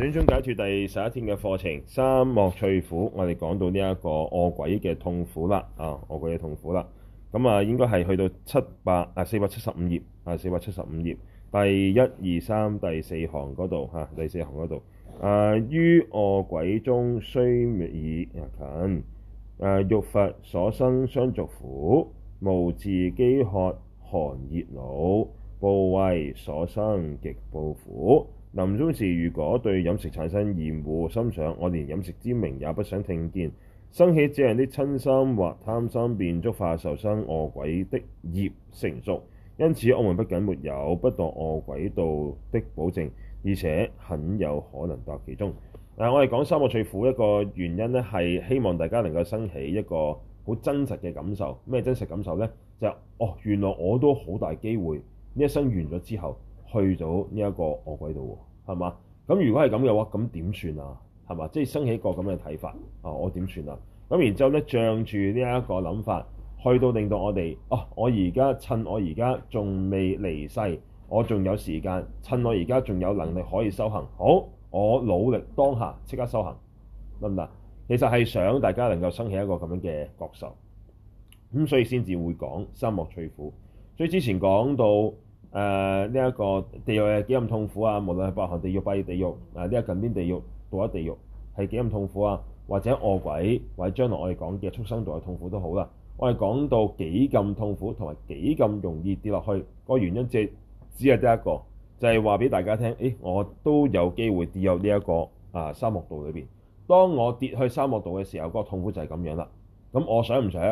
選中解説第十一天嘅課程《三惡趣苦》，我哋講到呢一個餓鬼嘅痛苦啦，啊，餓鬼嘅痛苦啦。咁啊，應該係去到七百啊，四百七十五頁啊，四百七十五頁第一二三第四行嗰度嚇，第四行度啊。於餓鬼中雖滅已日近，誒、啊、欲佛所生，欲乏所生相續苦，無治飢渴寒熱勞，怖畏所生極暴苦。臨終時，如果對飲食產生厭惡，心想，我連飲食之名也不想聽見，生起這樣的瞋心或貪心，便觸發受生餓鬼的業成熟。因此，我們不僅沒有不墮餓鬼道的保證，而且很有可能墮其中。嗱，我哋講三惡趣苦一個原因呢，係希望大家能夠生起一個好真實嘅感受。咩真實感受呢？就是、哦，原來我都好大機會一生完咗之後，去到呢一個餓鬼道係嘛？咁如果係咁嘅話，咁點算啊？係嘛？即係生起一個咁嘅睇法啊，我點算啊？咁然之後咧，仗住呢一個諗法，去到令到我哋啊、哦，我而家趁我而家仲未離世，我仲有時間，趁我而家仲有能力可以修行，好，我努力當下即刻修行得唔得？其實係想大家能夠生起一個咁樣嘅覺受，咁所以先至會講三惡趣苦」。所以講之前講到。誒呢一個地獄係幾咁痛苦啊！無論係八寒地獄、八熱地獄，誒呢個近邊地獄、獨一地獄係幾咁痛苦啊！或者餓鬼，或者將來我哋講嘅畜生道嘅痛苦都好啦。我哋講到幾咁痛苦同埋幾咁容易跌落去，個原因只只係得一個，就係話俾大家聽。咦，我都有機會跌入呢、這、一個啊沙漠度裏邊。當我跌去沙漠度嘅時候，嗰、那個痛苦就係咁樣啦。咁我想唔想？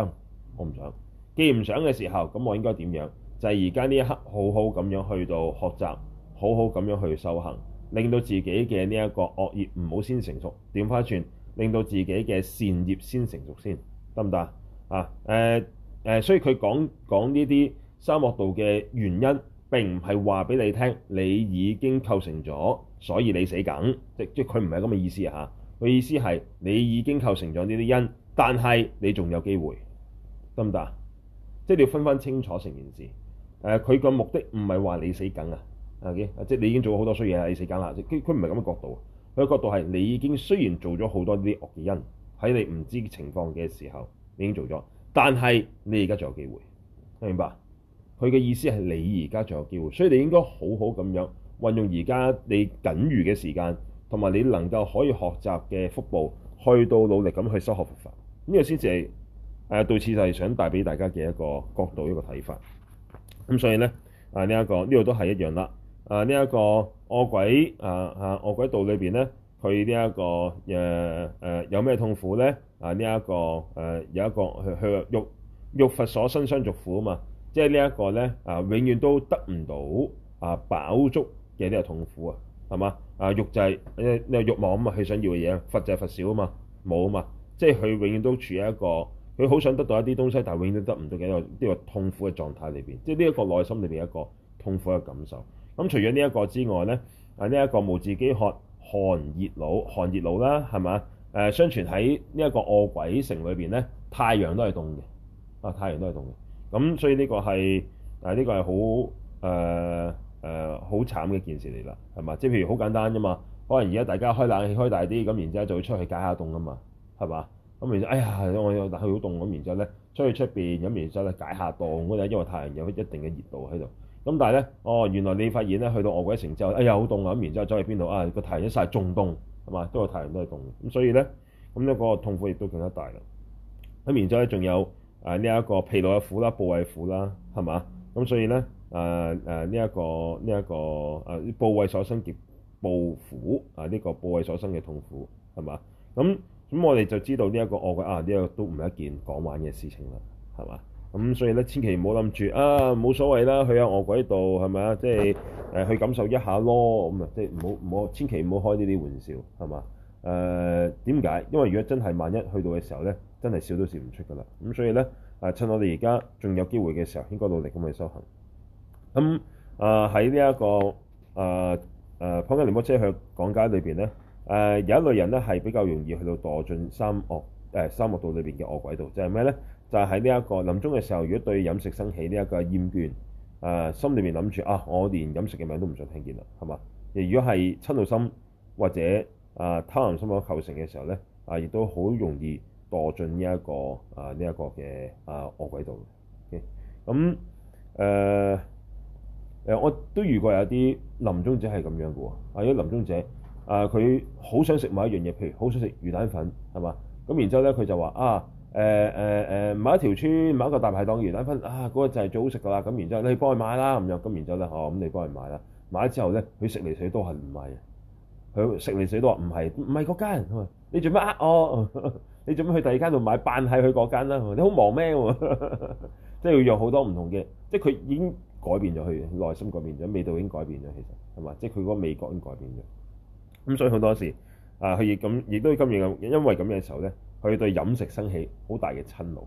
我唔想。既唔想嘅時候，咁我應該點樣？第而家呢一刻，好好咁樣去到學習，好好咁樣去修行，令到自己嘅呢一個惡業唔好先成熟。點翻轉，令到自己嘅善業先成熟先得唔得啊？啊、呃、誒、呃、所以佢講講呢啲三惡道嘅原因，並唔係話俾你聽，你已經構成咗，所以你死梗。即係佢唔係咁嘅意思啊！佢意思係你已經構成咗呢啲因，但係你仲有機會，得唔得？即係你要分分清楚成件事。誒，佢個、啊、目的唔係話你死梗啊，OK，即係你已經做咗好多衰嘢，你死梗啦。佢佢唔係咁嘅角度，佢嘅角度係你已經雖然做咗好多啲惡嘅因，喺你唔知情況嘅時候，你已經做咗，但係你而家仲有機會，明白？佢嘅意思係你而家仲有機會，所以你應該好好咁樣運用而家你僅餘嘅時間，同埋你能夠可以學習嘅福報，去到努力咁去修學佛法，呢個先至係誒。到此就係想帶俾大家嘅一個角度、嗯、一個睇法。咁所以咧，啊呢一個呢度都係一樣啦。啊呢一個餓鬼啊啊餓鬼道裏邊咧，佢呢一個誒誒有咩痛苦咧？啊呢一個誒有一個去去欲欲乏所生相續苦啊嘛，即係呢一個咧啊永遠都得唔到啊飽足嘅呢個痛苦啊，係嘛，啊欲就係呢個欲望啊嘛，佢想要嘅嘢啊，乏就係乏少啊嘛，冇啊嘛，即係佢永遠都處喺一個。佢好想得到一啲東西，但永遠都得唔到嘅一個，呢個痛苦嘅狀態裏邊，即係呢一個內心裏邊一個痛苦嘅感受。咁、嗯、除咗呢一個之外咧，啊呢一、這個無治飢渴寒熱勞寒熱勞啦，係嘛？誒、呃，相傳喺呢一個餓鬼城裏邊咧，太陽都係凍嘅，啊太陽都係凍嘅。咁、嗯、所以呢個係啊呢、這個係好誒誒好慘嘅一件事嚟啦，係嘛？即係譬如好簡單啫嘛，可能而家大家開冷氣開大啲，咁然之後就會出去解下凍啊嘛，係嘛？咁然後，哎呀，我又好凍咁。然之後咧，出去出面飲，完之後咧解下凍嗰因為太陽有一定嘅熱度喺度。咁但係咧，哦，原來你發現咧，去到餓鬼城之後，哎呀，好凍啊！咁然之後走去邊度啊？個太陽一曬，仲凍，係嘛？都係太陽都係凍。咁所以咧，咁、這、呢個痛苦亦都更加大啦。咁然之後咧，仲有啊呢一個疲勞嘅苦啦、怖畏苦啦，係嘛？咁所以咧，誒誒呢一個呢一、這個誒怖、呃、畏所生嘅怖苦啊，呢、這個怖畏所生嘅痛苦係嘛？咁咁我哋就知道呢一個餓鬼啊，呢、呢個都唔係一件講玩嘅事情啦，係嘛？咁所以咧，千祈唔好諗住啊，冇所謂啦，去下餓鬼度係咪啊？即係誒、呃、去感受一下咯，咁啊，即係唔好唔好，千祈唔好開呢啲玩笑，係嘛？誒點解？因為如果真係萬一去到嘅時候咧，真係笑都笑唔出噶啦。咁所以咧，啊趁我哋而家仲有機會嘅時候，應該努力咁去修行。咁啊喺呢一個誒誒《湯加摩車去港街裡面呢》裏邊咧。誒、呃、有一類人咧，係比較容易去到墮進三惡誒三惡道裏邊嘅惡鬼道，就係咩咧？就係喺呢一個臨終嘅時候，如果對飲食生起呢一個厭倦，誒、呃、心裏面諗住啊，我連飲食嘅名都唔想聽見啦，係嘛？如果係瞋心或者誒貪婪心所構，構成嘅時候咧，啊、呃，亦都好容易墮進呢、這、一個啊呢一個嘅啊惡鬼道。咁誒誒，我都遇過有啲臨終者係咁樣嘅喎，係啲臨終者。啊！佢好想食某一樣嘢，譬如好想食魚蛋粉，係嘛？咁然之後咧，佢就話啊，誒誒誒，某、呃呃、一條村某一個大排檔魚蛋粉啊，嗰、那個就係最好食㗎啦。咁然之後，你幫佢買啦咁樣。咁然之後咧，哦、咁、嗯、你幫佢買啦。買咗之後咧，佢食嚟食去都係唔係？佢食嚟食去都唔係唔係嗰間。你做乜呃我？ 你做乜去第二間度買？扮係佢嗰間啦！你好忙咩 即係要用好多唔同嘅，即係佢已經改變咗佢嘅內心改變咗，味道已經改變咗，其實係嘛？即係佢嗰個味覺已經改變咗。咁、嗯、所以好多時啊，佢亦咁，亦都咁年因為咁嘅時候咧，佢對飲食生起好大嘅嗔怒。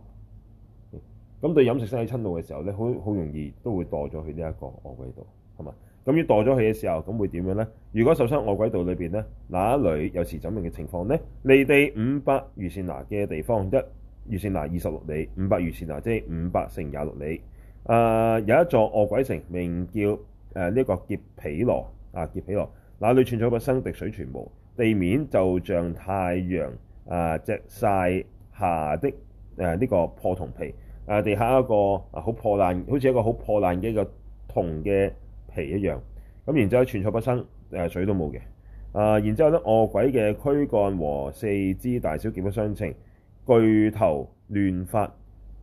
咁、嗯、對飲食生起嗔怒嘅時候咧，好好容易都會墮咗去呢一個餓鬼道，係嘛？咁要墮咗去嘅時候，咁會點樣咧？如果受生餓鬼道裏邊咧，哪一類有時怎樣嘅情況咧？離地五百瑜繕那嘅地方，一瑜繕那二十六里，五百瑜繕那即係五百乘廿六里。啊、呃，有一座餓鬼城，名叫誒呢、呃這個劫毘羅啊，劫毘羅。那裏寸草不生，滴水全無，地面就像太陽啊、呃、隻曬下的誒呢、呃這個破銅皮，誒、呃、地下一個、啊、好破爛，好似一個好破爛嘅一個銅嘅皮一樣。咁然之後寸草不生，誒、呃、水都冇嘅。啊、呃，然之後咧餓鬼嘅軀幹和四肢大小極不相稱，巨頭亂髮，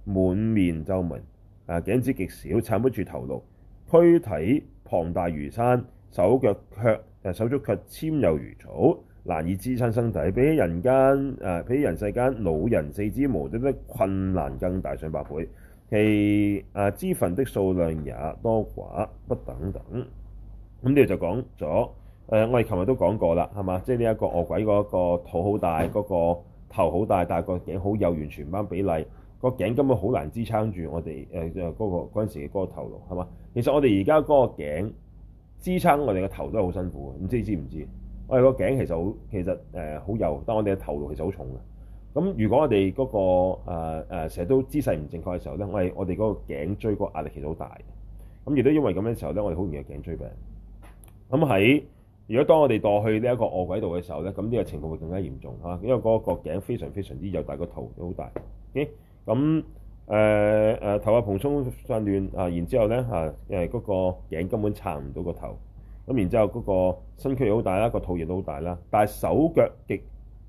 滿面皺紋，誒頸子極小，撐不住頭腦，軀體龐大如山，手腳卻誒手足卻纖幼如草，難以支撐身體。比起人間誒、呃，比起人世間老人四肢無力的困難更大上百倍。其誒肢分的數量也多寡不等等。咁呢度就講咗誒，我哋琴日都講過啦，係嘛？即係呢一個餓鬼嗰個肚好大，嗰、嗯、個頭好大，但係個頸好幼，完全反比例，個頸根本好難支撐住我哋誒嗰個嗰陣、嗯、時嘅嗰個頭顱，係嘛？其實我哋而持人家嗰個頸。支撐我哋嘅頭都係好辛苦嘅，唔知你知唔知？我哋個頸其實好，其實誒好、呃、幼，但我哋嘅頭其實好重嘅。咁如果我哋嗰、嗰個誒誒成日都姿勢唔正確嘅時候咧，我哋我哋嗰個頸椎個壓力其實好大。咁亦都因為咁嘅時候咧，我哋好容易有頸椎病。咁喺如果當我哋墮去呢一個餓鬼度嘅時候咧，咁呢個情況會更加嚴重嚇，因為嗰個頸非常非常之幼，但係個頭都好大。咁、okay? 誒誒、嗯、頭髮蓬鬆散亂啊，然之後咧啊誒嗰個頸根本撐唔到個頭，咁然之後嗰個身軀、呃、又好大啦，個肚亦都好大啦，但係手腳極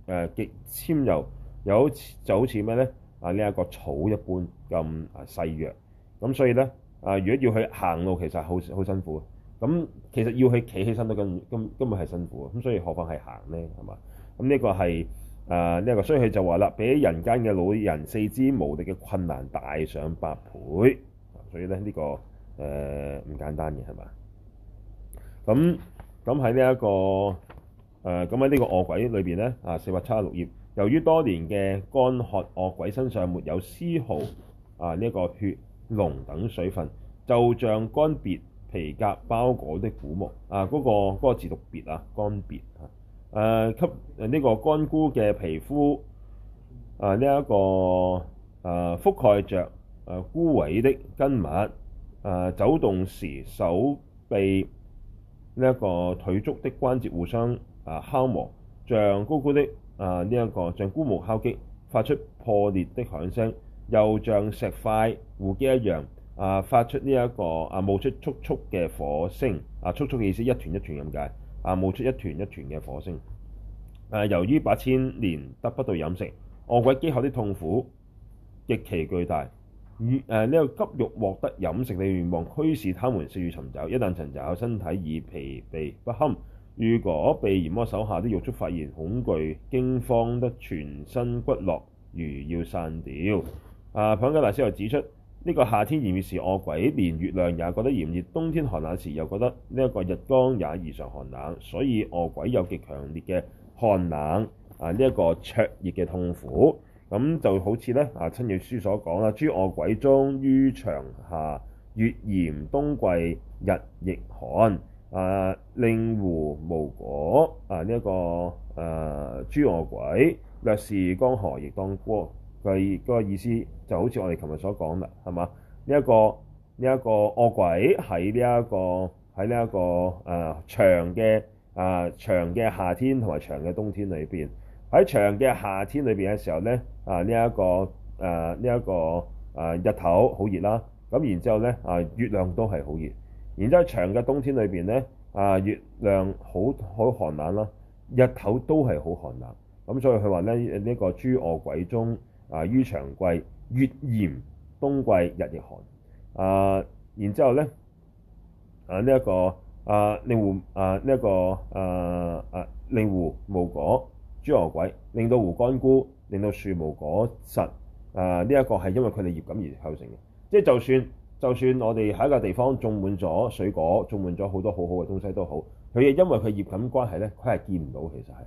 誒極纖柔，又就好似咩咧啊呢一、這個草一般咁啊細弱，咁所以咧啊如果要去行路其實好好辛苦，咁其實要去企起身都根根根本係辛苦，咁所以何況係行咧係嘛？咁呢、這個係。啊！呢、這、一個，衰以就話啦，比人間嘅老人四肢無力嘅困難大上百倍，所以咧呢、這個誒唔、呃、簡單嘅係嘛？咁咁喺呢一個誒咁喺呢個餓鬼裏邊咧啊四百七十六頁，由於多年嘅乾渴，餓鬼身上沒有絲毫啊呢一、這個血膿等水分，就像乾別皮革包裹的枯木啊嗰、那個字讀、那個、別啊乾別啊。誒吸誒呢個乾枯嘅皮膚，誒呢一個誒覆、啊、蓋着誒枯萎的筋脈，誒、啊、走動時手臂呢一個腿足的關節互相誒敲磨，像枯枯的誒呢一個像菇木敲擊，發出破裂的響聲，又像石塊互擊一樣，誒、啊、發出呢、這、一個啊冒出簇簇嘅火星，啊簇簇嘅意思一團一團咁解。啊！冒出一團一團嘅火星。誒、啊，由於八千年得不到飲食，餓鬼飢渴的痛苦極其巨大。與誒呢個急欲獲得飲食嘅願望驅使他們四處尋找。一旦尋找，身體已疲憊不堪。如果被閻摩手下啲獄卒發現，恐懼驚慌得全身骨骼如要散掉。啊！帕繃喀大師又指出。呢個夏天炎熱時，餓鬼連月亮也覺得炎熱，冬天寒冷時，又覺得呢一個日光也異常寒冷，所以餓鬼有極強烈嘅寒冷啊！呢、這、一個灼熱嘅痛苦，咁就好似咧啊，親友書所講啦，諸餓鬼中於長夏月炎，冬季日亦寒啊，令樹無果啊，呢、這、一個誒、啊、諸餓鬼，略視江河亦當乾。佢嗰個意思就好似我哋琴日所講啦，係嘛？呢、這、一個呢一、這個惡鬼喺呢一個喺呢一個誒、呃、長嘅啊、呃、長嘅夏天同埋長嘅冬天裏邊，喺長嘅夏天裏邊嘅時候咧啊呢一個誒呢一個誒、呃、日頭好熱啦，咁然之後咧啊月亮都係好熱，然之後，後長嘅冬天裏邊咧啊月亮好好寒冷啦，日頭都係好寒冷，咁所以佢話咧呢、這個諸餓鬼中。啊，於長季月炎，冬季日亦寒。啊，然之後咧，啊呢一個啊令湖啊呢一個啊啊令湖無果，諸餓鬼令到湖乾枯，令到樹無果實。啊，呢、這、一個係因為佢哋業感而構成嘅。即係就算就算我哋喺一個地方種滿咗水果，種滿咗好多好好嘅東西都好，佢係因為佢業感關係咧，佢係見唔到其實係，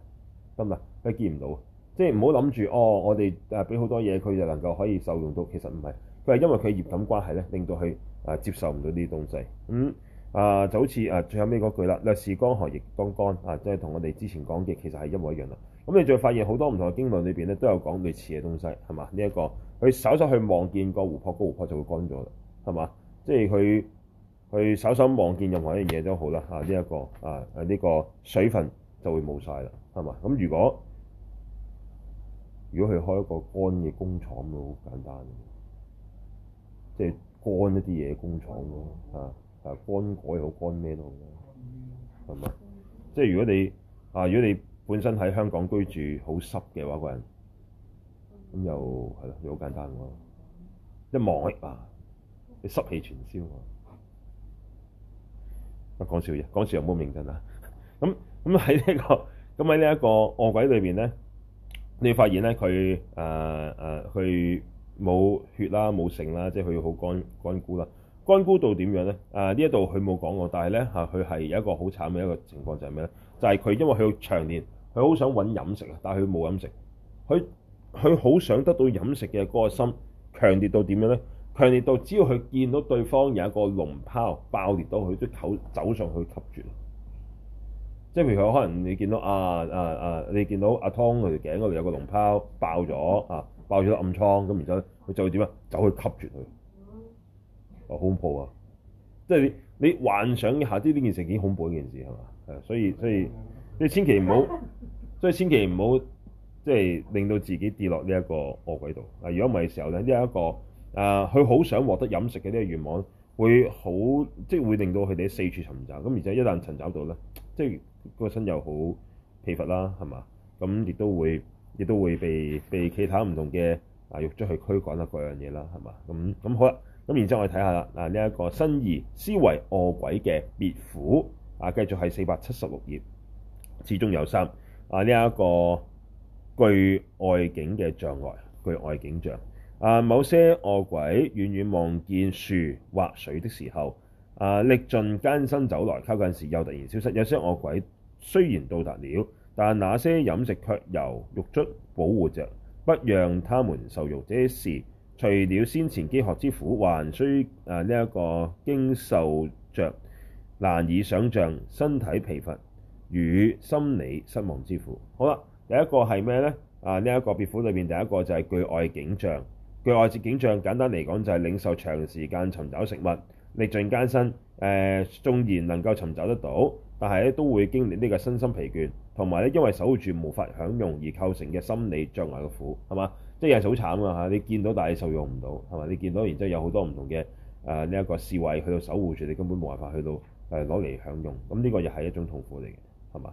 得唔啊？佢見唔到。即係唔好諗住哦，我哋誒俾好多嘢佢就能夠可以受用到，其實唔係，佢係因為佢業感關係咧，令到佢誒接受唔到呢啲東西。嗯，啊、呃、就好似誒最後尾嗰句啦，略視江河亦當乾，乾，乾啊，即係同我哋之前講嘅其實係一模一樣啦。咁你再發現好多唔同嘅經論裏邊咧都有講類似嘅東西，係嘛？呢、這、一個佢稍稍去望見個湖泊，個湖泊就會乾咗啦，係嘛？即係佢去稍稍望見任何一樣嘢都好啦，啊呢一、這個啊誒呢、這個水分就會冇晒啦，係嘛？咁如果如果佢開一個乾嘅工廠都好簡單即係乾一啲嘢工廠咯嚇，啊乾果又好乾咩都好，係咪？嗯、即係如果你啊，如果你本身喺香港居住好濕嘅話，個人咁又係咯，又好簡單一望啊，你濕氣全消啊，唔講笑嘢，講笑冇認真啊。咁咁喺呢個咁喺呢一個餓鬼裏邊咧。你發現咧，佢誒誒佢冇血啦，冇膿啦，即係佢好乾乾枯啦。乾枯到點樣咧？誒呢一度佢冇講過，但係咧嚇，佢係有一個好慘嘅一個情況，就係咩咧？就係、是、佢因為佢長年佢好想揾飲食啊，但係佢冇飲食，佢佢好想得到飲食嘅嗰個心強烈到點樣咧？強烈到只要佢見到對方有一個膿泡爆裂到，佢都走走上去吸住。即係譬如我可能你見到啊啊啊，你見到阿湯佢條頸嗰度有個膿泡爆咗啊，爆咗暗瘡，咁然而家佢就點啊？走去吸住佢，啊、哦、好恐怖啊！即係你你幻想一下，啲呢件事件恐怖一件事係嘛？係所以所以你千祈唔好，所以，所以千祈唔好，即係令到自己跌落呢一個惡鬼度啊！如果唔係嘅時候咧，呢、這、一個啊，佢、呃、好想獲得飲食嘅呢個願望，會好即係會令到佢哋四處尋找，咁而且一旦尋找到咧，即係。即個身又好疲乏啦，係嘛？咁亦都會，亦都會被被其他唔同嘅啊獄卒去驅趕啦，嗰樣嘢啦，係嘛？咁咁好啦，咁然之後我哋睇下啦，啊呢一個辛二思惟餓鬼嘅別苦啊，繼續係四百七十六頁，字中有三。啊，呢、這、一個具、啊啊這個、外境嘅障礙，具外境障。啊，某些餓鬼遠遠望見樹或水的時候。啊！歷盡艱辛走來，靠近時又突然消失。有些惡鬼雖然到達了，但那些飲食卻由獄卒保護着，不讓他們受用。這些事除了先前飢渴之苦，還需啊呢一、這個經受着難以想像身體疲乏與心理失望之苦。好啦，第一個係咩呢？啊呢一、這個別苦裏面第一個就係具外景象。具外障景象簡單嚟講，就係領受長時間尋找食物。歷盡艱辛，誒、呃、縱然能夠尋找得到，但係咧都會經歷呢個身心疲倦，同埋咧因為守護住無法享用而構成嘅心理障礙嘅苦，係嘛？即係人好慘啊。嚇！你見到但係受用唔到，係嘛？你見到然之後有好多唔同嘅誒呢一個侍衛去到守護住你，根本冇辦法去到誒攞嚟享用，咁呢個又係一種痛苦嚟嘅，係嘛？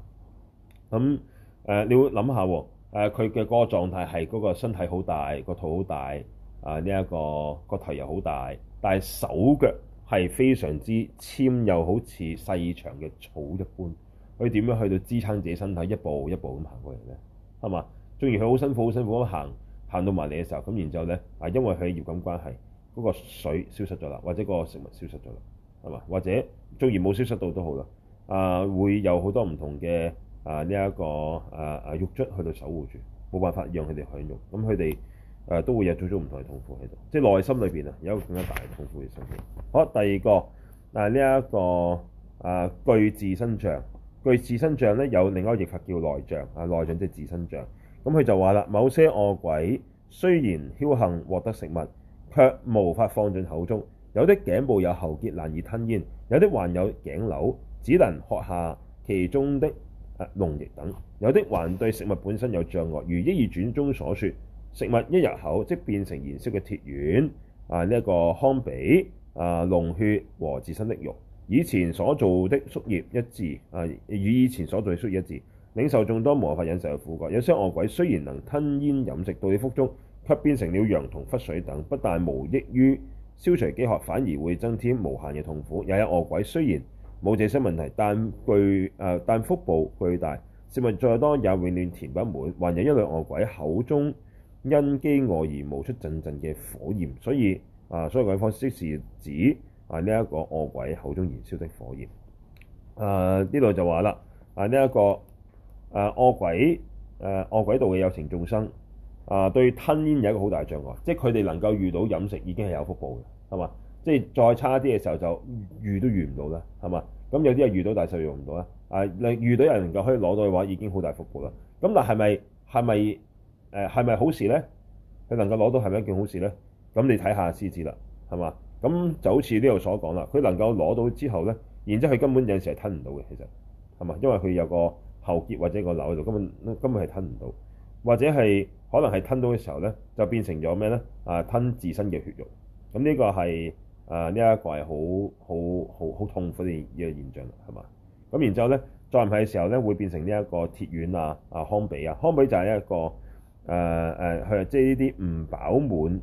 咁、嗯、誒、呃，你會諗下喎、啊？佢嘅嗰個狀態係嗰個身體好大，個肚好大，啊呢一個個頭又好大，但係手腳，係非常之纖，又好似細長嘅草一般。佢點樣去到支撐自己身體，一步一步咁行過嚟呢？係嘛？縱然佢好辛苦，好辛苦咁行，行到埋嚟嘅時候，咁然之後呢，啊，因為佢業感關係，嗰、那個水消失咗啦，或者個食物消失咗啦，係嘛？或者縱然冇消失到都好啦。啊、呃，會有好多唔同嘅啊呢一個啊啊獄卒去到守護住，冇辦法讓佢哋享用。咁佢哋。誒都會有種種唔同嘅痛苦喺度，即係內心裏邊啊，有一個更加大嘅痛苦嘅心。好，第二個，但呢一、這個誒具、啊、自身障，具自身障咧有另外一種叫內障啊，內障即係自身障，咁、嗯、佢就話啦，某些惡鬼雖然僥倖獲得食物，卻無法放進口中，有的頸部有喉結難以吞嚥，有啲患有頸瘤只能喝下其中的誒膿、啊、液等，有的還對食物本身有障礙，如《億耳傳》中所說。食物一入口即變成燃燒嘅鐵丸啊！呢、這、一個糠秕啊，膿血和自身的肉。以前所做的宿業一致啊，與以，以前所做的宿業一致，領受眾多無法忍受嘅苦果。有些餓鬼雖然能吞嚥飲食，到你腹中卻變成了烊銅、沸水等，不但無益於消除飢渴，反而會增添無限嘅痛苦。也有餓鬼雖然冇這些問題，但巨啊、呃，但腹部巨大，食物再多也永遠填不滿。還有一類餓鬼口中因飢餓而冒出陣陣嘅火焰，所以啊，所以鬼火即是指啊呢一個餓鬼口中燃燒的火焰啊。啊，呢度就話啦，啊呢一個啊餓鬼，誒、啊、餓鬼道嘅有情眾生啊，對吞嚥有一個好大障礙，即係佢哋能夠遇到飲食已經係有福報嘅，係嘛？即係再差啲嘅時候就遇都遇唔到啦，係嘛？咁有啲啊遇到，但係就用唔到啦。啊，你遇到人能夠可以攞到嘅話，已經好大福報啦。咁但係咪係咪？是誒係咪好事咧？佢能夠攞到係咪一件好事咧？咁你睇下獅子啦，係嘛？咁就好似呢度所講啦，佢能夠攞到之後咧，然之後佢根本有陣時係吞唔到嘅，其實係嘛？因為佢有個喉結或者個瘤喺度，根本根本係吞唔到，或者係可能係吞到嘅時候咧，就變成咗咩咧？啊，吞自身嘅血肉，咁呢個係啊呢一個係好好好好痛苦嘅一個現象，係嘛？咁然之後咧，再唔係嘅時候咧，會變成呢一個鐵丸啊，啊糠秕啊，糠秕就係一個。誒誒，佢話、呃呃、即係呢啲唔飽滿，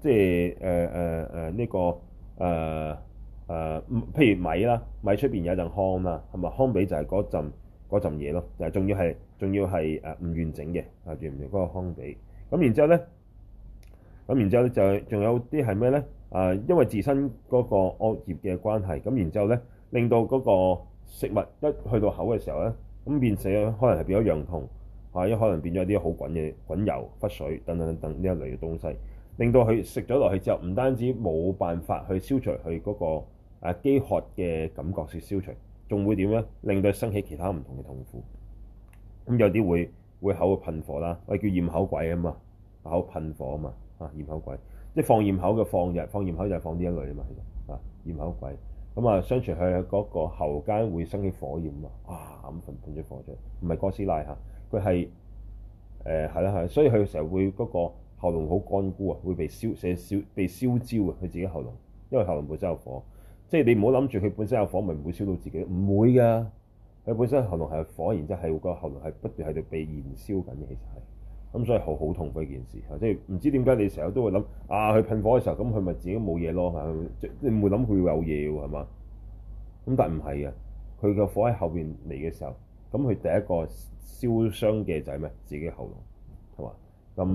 即係誒誒誒呢個誒誒、呃呃，譬如米啦，米出邊有陣糠啦，係咪糠秕就係嗰陣嗰陣嘢咯？誒，仲要係仲要係誒唔完整嘅，誒完唔完嗰個糠秕？咁然之後咧，咁然之後咧就仲有啲係咩咧？啊，因為自身嗰個惡業嘅關係，咁然之後咧令到嗰個食物一去到口嘅時候咧，咁變成可能係變咗樣痛。啊！一可能變咗有啲好滾嘅滾油、沸水等等等等呢一類嘅東西，令到佢食咗落去之後，唔單止冇辦法去消除佢嗰個誒飢渴嘅感覺，是消除，仲會點咧？令到佢生起其他唔同嘅痛苦。咁有啲會會口噴火啦，喂叫焰口鬼啊嘛，口噴火嘛啊嘛嚇焰口鬼，即係放焰口嘅放日，放焰口就係放呢一類啊嘛，啊焰口鬼咁啊，相傳佢嗰個喉間會生起火焰啊，哇咁噴噴出火出，唔係哥斯拉嚇。佢係誒係啦係，所以佢成日會嗰個喉嚨好乾枯啊，會被燒，成日被燒焦啊，佢自己喉嚨，因為喉嚨本身有火，即係你唔好諗住佢本身有火咪唔會燒到自己，唔會㗎，佢本身喉嚨係火，然之後係個喉嚨係不斷喺度被燃燒緊嘅，其實係咁所以好痛苦嘅一件事，即係唔知點解你成日都會諗啊，佢噴火嘅時候，咁佢咪自己冇嘢咯，嚇，你唔會諗佢有嘢㗎喎，係嘛？咁但係唔係嘅，佢嘅火喺後邊嚟嘅時候。咁佢第一個燒傷嘅就係咩？自己喉嚨，係嘛？咁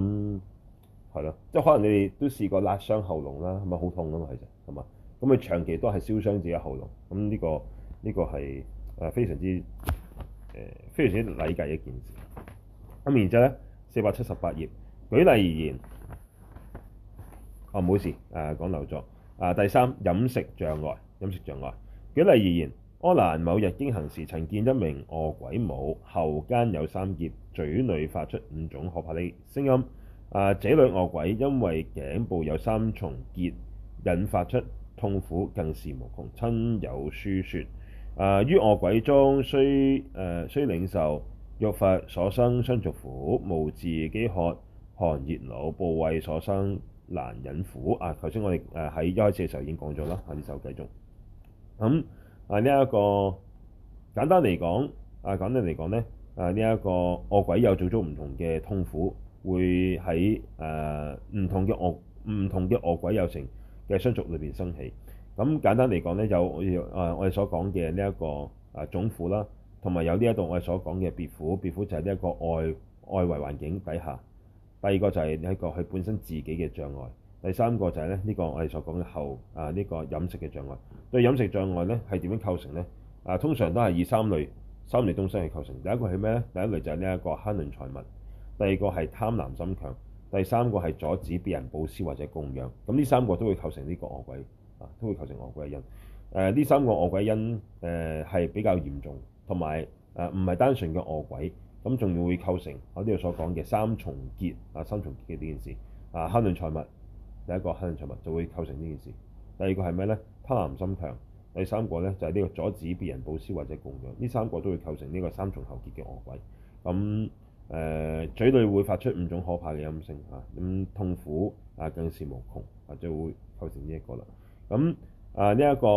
係咯，即係可能你哋都試過拉傷喉嚨啦，係咪好痛啊嘛？其實，係嘛？咁佢長期都係燒傷自己喉嚨，咁呢、呢個呢、呢個係誒非常之誒、呃、非常之禮格一件事。咁然之後咧，四百七十八頁，舉例而言，哦唔好意思，誒講漏咗，啊，啊第三飲食障礙，飲食障礙，舉例而言。阿難某日經行時，曾見一名餓鬼母，喉間有三結，嘴裡發出五種可怕的聲音。啊、呃，這類餓鬼因為頸部有三重結，引發出痛苦，更是無窮。親友書說，啊、呃，於餓鬼中須誒須領受欲乏所生相續苦，無治飢渴寒熱勞，怖畏所生難忍苦。啊，頭先我哋誒喺一開始嘅時候已經講咗啦，翻啲手繼續咁。嗯啊，呢一個簡單嚟講，啊簡單嚟講咧，啊呢一個餓鬼又做咗唔同嘅痛苦，會喺誒唔同嘅餓唔同嘅餓鬼有情嘅相續裏邊生起。咁、嗯、簡單嚟講咧，有誒、呃、我哋所講嘅呢一個誒、啊、總苦啦，同埋有呢一度我哋所講嘅別苦。別苦就係呢一個外外圍環境底下，第二個就係呢一個佢本身自己嘅障礙。第三個就係咧呢個我哋所講嘅後啊呢個飲食嘅障礙。對飲食障礙咧係點樣構成咧？啊，通常都係以三類三類東西去構成。第一個係咩咧？第一類就係呢一個慳吝財物，第二個係貪婪心強，第三個係阻止別人布施或者供養。咁呢三個都會構成呢個惡鬼啊，都會構成惡鬼嘅因。誒呢三個惡鬼因誒係、呃、比較嚴重，同埋誒唔係單純嘅惡鬼，咁仲會構成我呢度所講嘅三重結啊，三重結嘅呢件事啊，慳吝財物。第一個慳吝財物就會構成呢件事。第二個係咩呢？貪婪心強。第三個呢，就係、是、呢、這個阻止別人佈施或者供養。呢三個都會構成呢、這個三重喉結嘅餓鬼。咁誒、呃，嘴裏會發出五種可怕嘅音聲，嚇、啊。咁痛苦啊，更是無窮，或者會構成呢一個啦。咁啊，呢、呃、一、這個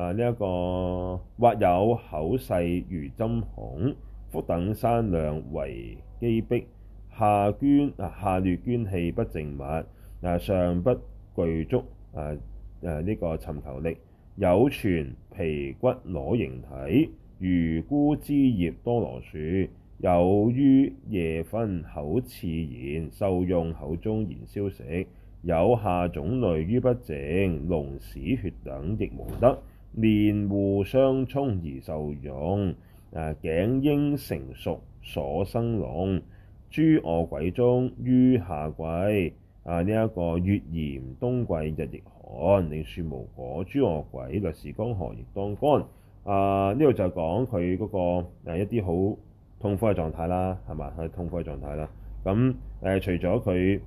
啊，呢、呃、一、這個或有口細如針孔，腹等山量為飢逼，下捐啊，下劣捐棄不淨物。嗱，尚不具足啊！誒呢、啊啊這個尋求力，有存皮骨裸形體，如枯枝葉多羅樹。有於夜分口熾燃，受用口中燒燃食。有下種類於不淨膿糞血等亦無得。面互相沖而受用。誒頸癭成熟所生膿，諸餓、呃、鬼中於夏季。啊！呢一個月炎冬季日亦寒，令樹無果，諸餓鬼略視江河亦當乾。啊！呢度就講佢嗰個一啲好痛苦嘅狀態啦，係嘛？係痛苦嘅狀態啦。咁誒，除咗佢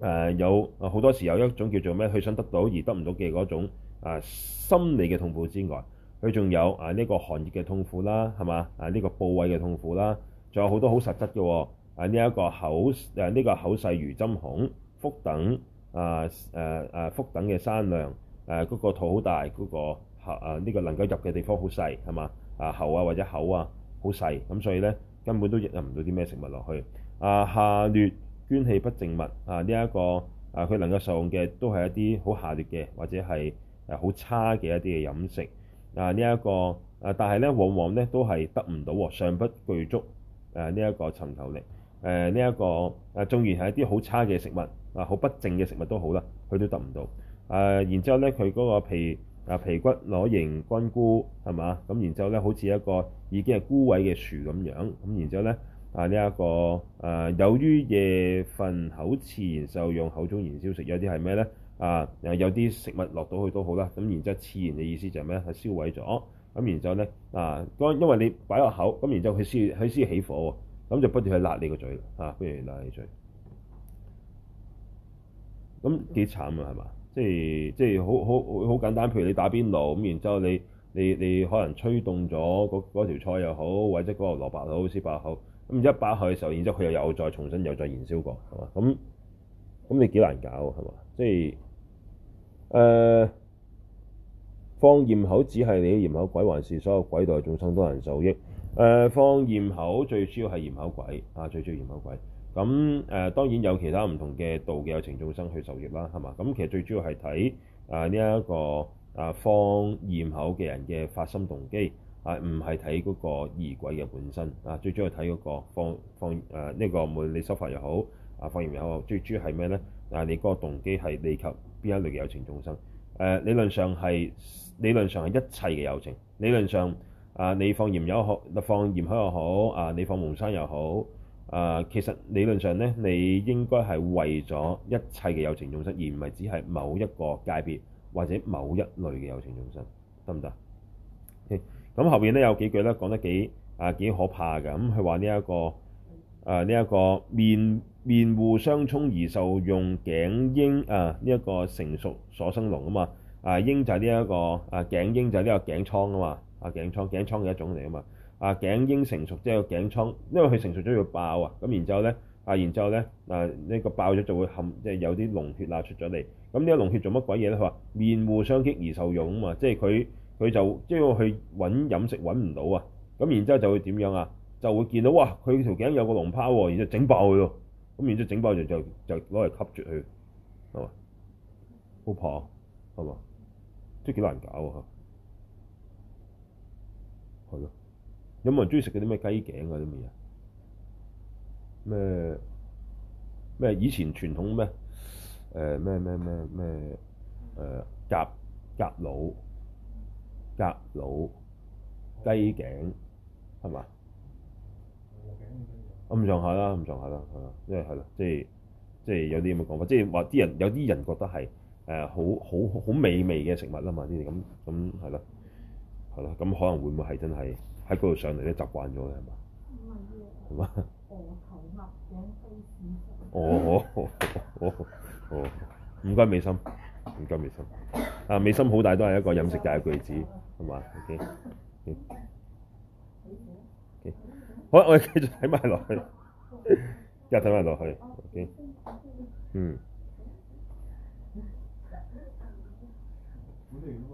誒有好多時有一種叫做咩，佢想得到而得唔到嘅嗰種啊心理嘅痛苦之外，佢仲有啊呢個寒熱嘅痛苦啦，係嘛？啊呢個部位嘅痛苦啦，仲有好多好實質嘅喎。啊呢一個口誒呢個口細如針孔。腹等啊誒誒腹等嘅山量，誒嗰個肚好大，嗰個喉誒呢個能夠入嘅地方好細係嘛？啊喉啊或者口啊好細咁，所以咧根本都入唔到啲咩食物落去。啊下劣捐棄不淨物，啊呢一個啊佢能夠受用嘅都係一啲好下劣嘅，或者係誒好差嘅一啲嘅飲食，啊呢一個啊但係咧往往咧都係得唔到，尚不具足誒呢一個尋求力，誒呢一個啊縱然係一啲好差嘅食物。啊，好不淨嘅食物都好啦，佢都得唔到。誒、啊，然之後咧，佢嗰個皮啊皮骨裸形乾枯係嘛？咁然之後咧，好似一個已經係枯萎嘅樹咁樣。咁然之後咧，啊呢一個誒，由於夜分口熾燃，受用口中燃燒食，有啲係咩咧？啊，有啲食物落到去都好啦。咁然之後，熾燃嘅意思就係咩咧？係燒燬咗。咁然之後咧，啊，因因為你擺落口，咁然之後佢先佢先起火喎，咁就不斷去辣你個嘴啦，嚇、啊、不如焫你嘴。咁幾慘啊，係嘛？即係即係好好好簡單。譬如你打邊爐咁，然之後你你你可能吹動咗嗰條菜又好，或者嗰個蘿蔔又好、似瓜口。咁一拔去嘅時候，然之後佢又又再重新又再燃燒過，係嘛？咁咁你幾難搞，係嘛？即係誒、呃、放焰口，只係你焰口鬼，還是所有鬼道眾生都能受益？誒、呃、放焰口，最主要係焰口鬼啊，最主要係焰口鬼。咁誒當然有其他唔同嘅道嘅有情眾生去受業啦，係嘛？咁其實最主要係睇啊呢一個啊放燄口嘅人嘅發心動機啊，唔係睇嗰個餓鬼嘅本身啊，最主要睇嗰個放放誒呢、啊這個無論你修法又好啊放燄又好，最主要係咩咧？啊你嗰個動機係利及邊一類嘅有情眾生？誒、啊、理論上係理論上係一切嘅有情，理論上啊你放燄又好，放燄口又好啊，你放蒙山又好。啊，uh, 其實理論上咧，你應該係為咗一切嘅有情眾生，而唔係只係某一個界別或者某一類嘅有情眾生，得唔得？咁、okay. 嗯、後邊咧有幾句咧講得幾啊幾可怕㗎。咁佢話呢一個啊呢一、這個面面互相沖而受用頸癭啊呢一、這個成熟所生膿啊嘛、這個、啊癭就係呢一個啊頸癭就係呢個頸瘡嘛啊嘛啊頸瘡頸瘡嘅一種嚟啊嘛。啊頸癭成熟即係個頸瘡，因為佢成熟咗要爆啊，咁然之後咧，啊然之後咧，啊呢個爆咗就會冚，即係有啲膿血啊出咗嚟，咁呢個膿血做乜鬼嘢咧？佢話面互相激而受用啊嘛，即係佢佢就即係要去揾飲食揾唔到啊，咁然之後就會點樣啊？就會見到哇，佢條頸有個膿泡喎，然之後整爆佢喎，咁然之後整爆，後爆後就就就攞嚟吸住佢，係嘛？ 好怕係嘛？即係幾難搞啊！係咯。 有冇人中意食嗰啲咩雞頸啊？啲乜嘢咩咩？以前傳統咩誒咩咩咩咩誒鴿佬鴿佬雞頸係嘛？咁上、嗯、下啦，咁上下啦，係、嗯、啊，因為係咯，即係即係有啲咁嘅講法，即係話啲人有啲人覺得係誒好好好美味嘅食物啊嘛，呢啲咁咁係咯係咯，咁、嗯、可能會唔會係真係？喺嗰度上嚟咧，習慣咗嘅係嘛？係嘛？哦哦哦哦！唔該 美心，唔該美心。啊，美心好大都係一個飲食界嘅句子，係嘛吧 okay,？OK，好，我哋繼續睇埋落去，一睇埋落去。OK，嗯。嗯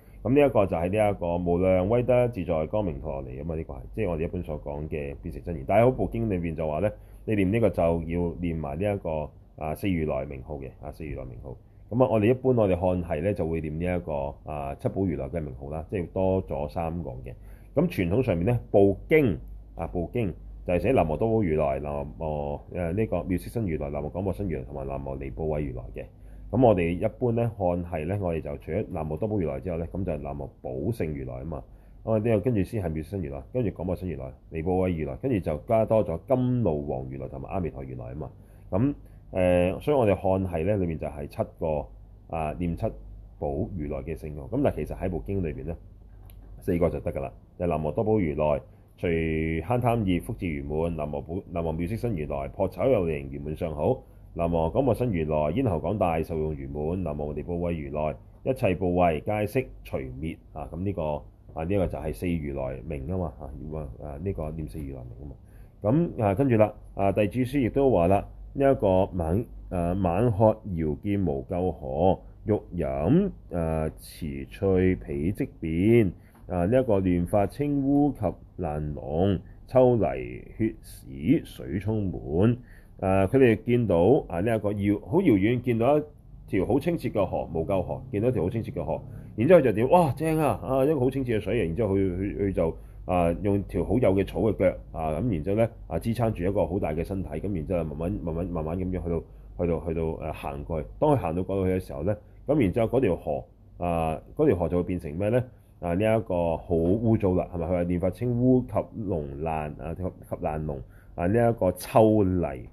咁呢一個就係呢一個，無量威德自在光明陀嚟啊嘛，呢、這個係即係我哋一般所講嘅變食真言。但係好部經裏邊就話咧，你念呢個就要念埋呢一個啊四如來名號嘅啊四如來名號。咁、嗯、啊，我哋一般我哋看係咧就會念呢一個啊七寶如來嘅名號啦，即係多咗三個嘅。咁、嗯、傳統上面咧，部經啊部經就係寫南無多寶如來、南無誒呢、這個妙色身如來、南無廣博身如來同埋南無離怖畏如來嘅。咁我哋一般咧看係咧，我哋就除咗南無多寶如來之後咧，咁就南無寶勝如來啊嘛。咁我哋呢啲，跟住先係妙色身如來，跟住廣博身如來、離怖畏如來，跟住就加多咗甘露王如來同埋阿彌陀如來啊嘛。咁誒、呃，所以我哋看係咧裏面就係七個啊、呃、念七寶如來嘅聖號。咁但其實喺部經裏邊咧，四個就得㗎啦。就是、南無多寶如來，除慳貪業福智圓滿，南無寶南無妙色身如來，破醜陋形圓滿相好。南無廣博身如來，咽喉廣大受用如滿，南無離怖畏如來，一切怖畏皆息除滅啊！咁呢、這個啊呢、這個就係四如來名啊嘛，啊呢、這個念四如來名啊嘛。咁啊跟住啦，啊弟子書亦都話啦，呢、這、一個猛啊猛渴遙見無垢河，欲飲啊馳趣彼即變啊呢一、這個亂髮青污及爛膿，臭泥血屎水充滿。誒，佢哋見到啊呢一個遙好遙遠見，見到一條好清澈嘅河，無垢河，見到條好清澈嘅河。然之後就點哇，正啊啊，一個好清澈嘅水。然之後佢佢佢就啊用條好幼嘅草嘅腳啊咁，然之後咧啊支撐住一個好大嘅身體。咁然之後慢慢慢慢慢慢咁樣去到去到去到誒行過去。當佢行到過去嘅時候咧，咁然之後嗰條河啊嗰條河就會變成咩咧啊呢一個好污糟啦，係咪？佢話亂髮青污及爛膿啊，及爛膿啊呢一個臭泥。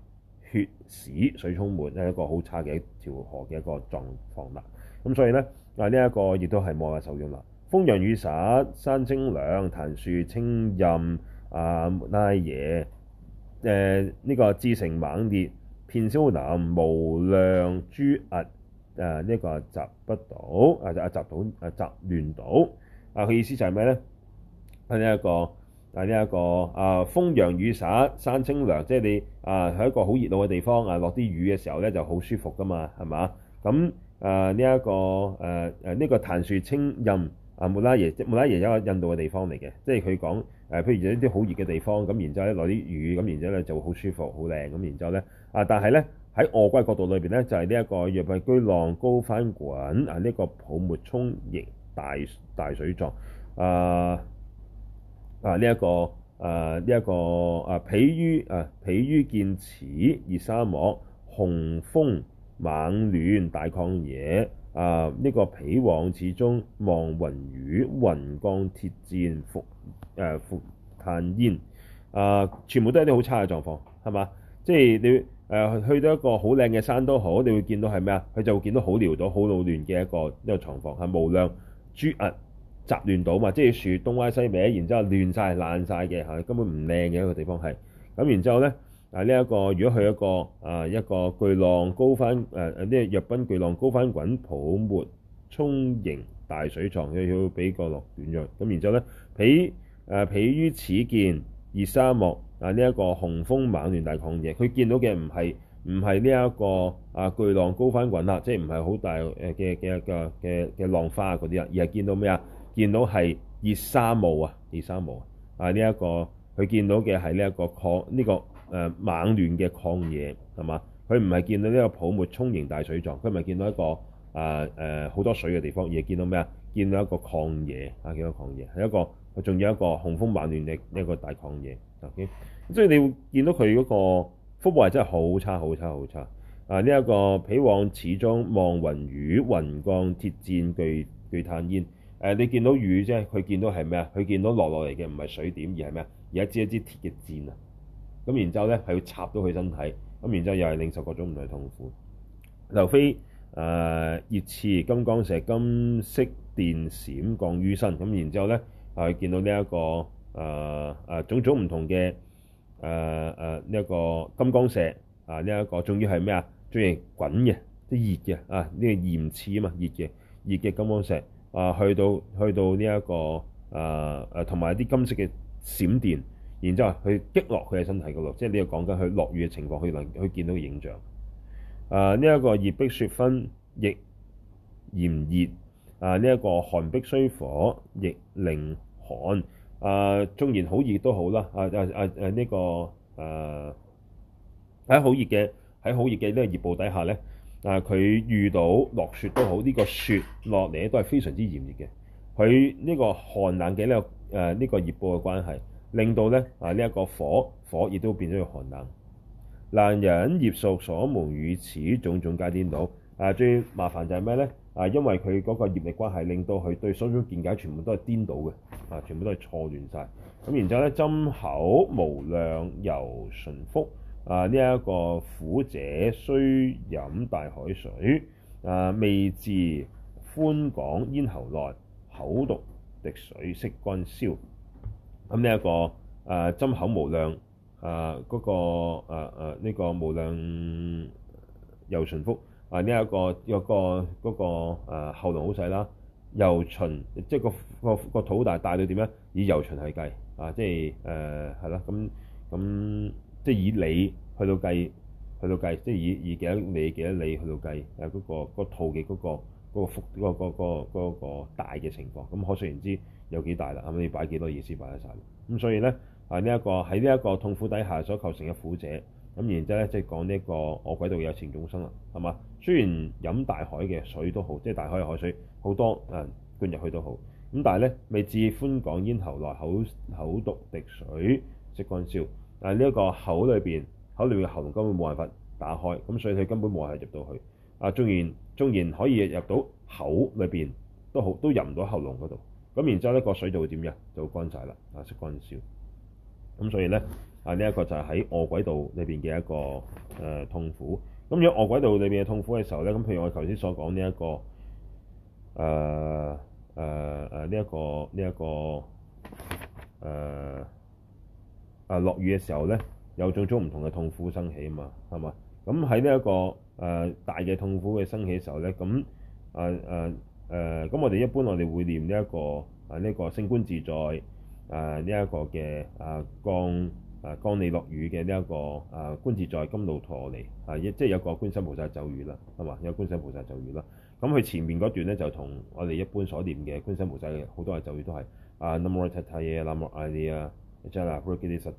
血屎水充滿，係一個好差嘅一條河嘅一個狀況啦。咁所以咧，嗱呢一個亦都係冇大受用啦。風揚雨灑，山清涼，藤樹清蔭，啊拉耶，誒、啊、呢、這個枝成猛烈，片燒南無量珠額，誒、啊、呢、這個集不到，啊啊集到啊集亂到。啊佢意思就係咩咧？佢呢一個。啊！呢一、這個啊，風揚雨灑山清涼，即係你啊，喺一個好熱鬧嘅地方啊，落啲雨嘅時候咧，就好舒服噶嘛，係嘛？咁啊，呢、啊、一、這個誒誒呢個檀樹青蔭啊，末拉耶即係末拉耶，一個印度嘅地方嚟嘅，即係佢講誒，譬如有一啲好熱嘅地方，咁然之後咧落啲雨，咁然之後咧就好舒服、好靚，咁然之後咧啊，但係咧喺餓鬼角度裏邊咧，就係呢一個若奔巨浪高，高翻滾啊，呢、這個泡沫充溢大大，大水藏啊。啊！呢、這、一個啊，呢、呃、一、這個啊，彼於啊，彼於見此，熱沙漠，紅風猛亂大曠野啊！呢個彼住此中望雲雨，雲降鐵箭覆誒覆炭煙啊！全部都係啲好差嘅狀況，係嘛？即係你誒、呃、去到一個好靚嘅山都好，你會見到係咩啊？佢就見到好潦倒、好老亂嘅一個一個狀況，係無量株杌。啊雜亂倒嘛，即係樹東歪西歪，然之後亂晒爛晒嘅嚇，根本唔靚嘅一個地方係。咁然之後咧，啊呢一個如果去一個啊、呃、一個巨浪高翻誒誒，呢個若奔巨浪高翻滾，泡沫充溢大水藏，佢要俾個落短約。咁然之後咧，彼誒彼於此見熱沙漠啊，呢一個紅風猛亂大曠野，佢見到嘅唔係唔係呢一個啊巨浪高翻滾啊，即係唔係好大誒嘅嘅嘅嘅浪花嗰啲啊，而係見到咩啊？見到係熱沙霧啊，熱沙霧啊！啊，呢一個佢見到嘅係呢一個曠呢、這個誒、呃、猛亂嘅曠野係嘛？佢唔係見到呢個泡沫充盈大水藏，佢咪見到一個啊誒好、啊、多水嘅地方，而係見到咩啊？見到一個曠野啊，見到曠野係一個佢仲有一個紅風猛亂嘅呢個大曠野。O.K. 所以你會見到佢嗰個覆蓋真係好差好差好差、差。啊，呢、uh, 一、這個彼住此中望、望雲雨，雲降鐵箭具具炭煙。誒、呃、你見到雨啫，佢見到係咩啊？佢見到落落嚟嘅唔係水點，而係咩？而一支一支鐵嘅箭啊！咁然之後咧，係要插到佢身體，咁然之後又係領受各種唔同嘅痛苦。流飛誒灸熾金剛石，金色電閃降於身，咁然之後咧，係見到呢、這、一個誒誒、呃啊、種種唔同嘅誒誒呢一個金剛石啊，呢、這、一個終於係咩啊？終於滾嘅，即係熱嘅啊，呢個灸熾啊嘛，熱嘅熱嘅金剛石。啊，去到去到呢、這個啊、一個啊誒，同埋啲金色嘅閃電，然之後去擊落佢嘅身體嗰度，即係呢個講緊佢落雨嘅情況，佢能去見到影像。啊，呢、這、一個熱逼雪紛，亦炎熱啊，呢、這、一個寒迫雖火亦，亦令寒啊。縱然熱好熱都好啦，啊啊啊誒呢、啊這個誒喺好熱嘅喺好熱嘅呢個熱報底下咧。啊！佢遇到落雪都好，呢、這個雪落嚟都係非常之炎熱嘅。佢呢個寒冷嘅咧，誒、呃、呢、這個熱波嘅關係，令到咧啊呢一、這個火火熱都變咗去寒冷。難忍業熟所愚蒙，於此種種皆顛倒。啊最麻煩就係咩咧？啊因為佢嗰個業力關係，令到佢對所有見解全部都係顛倒嘅，啊全部都係錯亂晒。咁、啊、然之後咧，針口無量由旬腹。啊！呢一個苦者需飲大海水，啊未至寬廣咽喉內，口毒滴水悉乾銷。咁呢一個啊，針口無量啊，嗰個啊呢個無量由旬腹啊，呢一個有個嗰個喉嚨好細啦，由旬，即係個個個肚大大到點樣？以由旬嚟計啊，即係誒係啦，咁咁。即係以里去到計，去到計，即係以以幾多里幾多里去到計啊？嗰、嗰個套嘅嗰個幅嗰、嗰個嗰、嗰個嗰個嗰個、大嘅情況，咁可想而知有幾大啦。係咪？你擺幾多意思，擺得晒。咁所以咧啊，呢一個喺呢一個痛苦底下所構成嘅苦者，咁然之後咧即係講呢一個餓鬼道有情眾生啦，係嘛？雖然飲大海嘅水都好，即係大海嘅海水好多啊，灌、嗯、入去都好。咁但係咧未至寬廣咽喉，喉內口口毒滴水悉乾銷。但係呢一個口裏邊，口裏邊嘅喉嚨根本冇辦法打開，咁所以佢根本冇法入到去。啊，縱然縱然可以入到口裏邊，都好都入唔到喉嚨嗰度。咁然之後呢個水就會點樣？就會乾曬啦，啊，食乾燒。咁所以咧，啊呢、這個、一個就係喺餓鬼道裏邊嘅一個誒痛苦。咁如果餓鬼道裏邊嘅痛苦嘅時候咧，咁譬如我頭先所講呢一個誒誒誒呢一個呢一、這個誒。呃啊，落雨嘅時候咧，有種種唔同嘅痛苦生起嘛，係嘛？咁喺呢一個誒、呃、大嘅痛苦嘅生起嘅時候咧，咁誒誒誒，咁、呃呃呃、我哋一般我哋會念呢、這、一個誒呢、啊這個聖觀自在誒呢一個嘅啊降啊降你落雨嘅呢一個誒觀、啊、自在金露陀嚟啊，即係有個觀世菩薩咒語啦，係嘛？有觀世菩薩咒語啦。咁佢前面嗰段咧就同我哋一般所念嘅觀世菩薩好多嘅咒語都係啊 namratteye namratteya 即係啦，菩提咁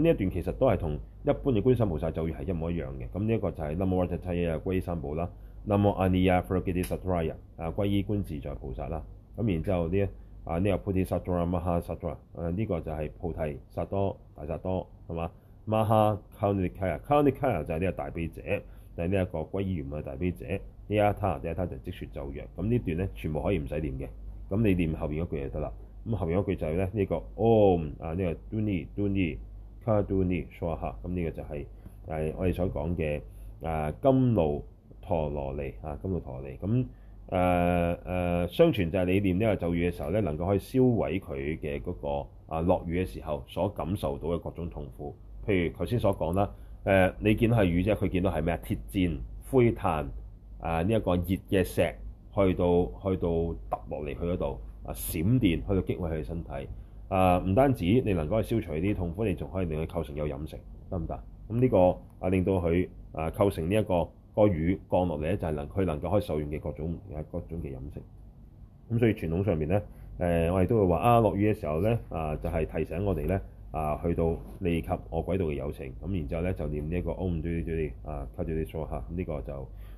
呢一段其實都係同一般嘅觀世菩薩咒語係一模一樣嘅。咁呢一個就係南無阿彌陀佛呀，皈依三寶啦，南無阿彌呀，這個這個、菩提薩埵呀，啊，皈依觀自在菩薩啦。咁然之後啲啊，呢個菩提薩多呀，摩哈薩埵，誒呢個就係菩提薩多大薩多，係嘛？摩哈迦盧尼迦呀，迦盧尼迦呀就係呢個大悲者，就係呢一個皈依圓滿大悲者。第一他，第一他就即説咒語。咁呢段咧全部可以唔使念嘅。咁你念後邊嗰句就得啦。咁後面嗰句就係咧呢個 Om 啊呢、呢個 Duni o Duni Karduni s h、oh、a a 咁呢個就係係我哋所講嘅啊金露陀羅尼啊金露陀羅尼。咁誒誒，相傳就係你念呢個咒語嘅時候咧，能夠可以消毀佢嘅嗰個啊落雨嘅時候所感受到嘅各種痛苦。譬如頭先所講啦，誒、啊、你見到係雨啫，佢見到係咩鐵箭灰炭，啊呢一、呢個熱嘅石。去到去到揼落嚟去嗰度啊！閃電去到擊毀佢嘅身體啊！唔單止你能夠去消除啲痛苦，你仲可以令佢構成有飲食得唔得？咁呢、這個啊令到佢啊構成呢、這、一個個雨降落嚟咧，就係、是、能佢能夠可以受用嘅各種嘅各種嘅飲食。咁所以傳統上面咧，誒、呃、我哋都會話啊，落雨嘅時候咧啊，就係、是、提醒我哋咧啊，去到利及餓鬼道嘅有情。咁然之後咧就念呢、這、一個 Om 嘟嘟嘟住啲鎖哈，呢、啊嗯這個就。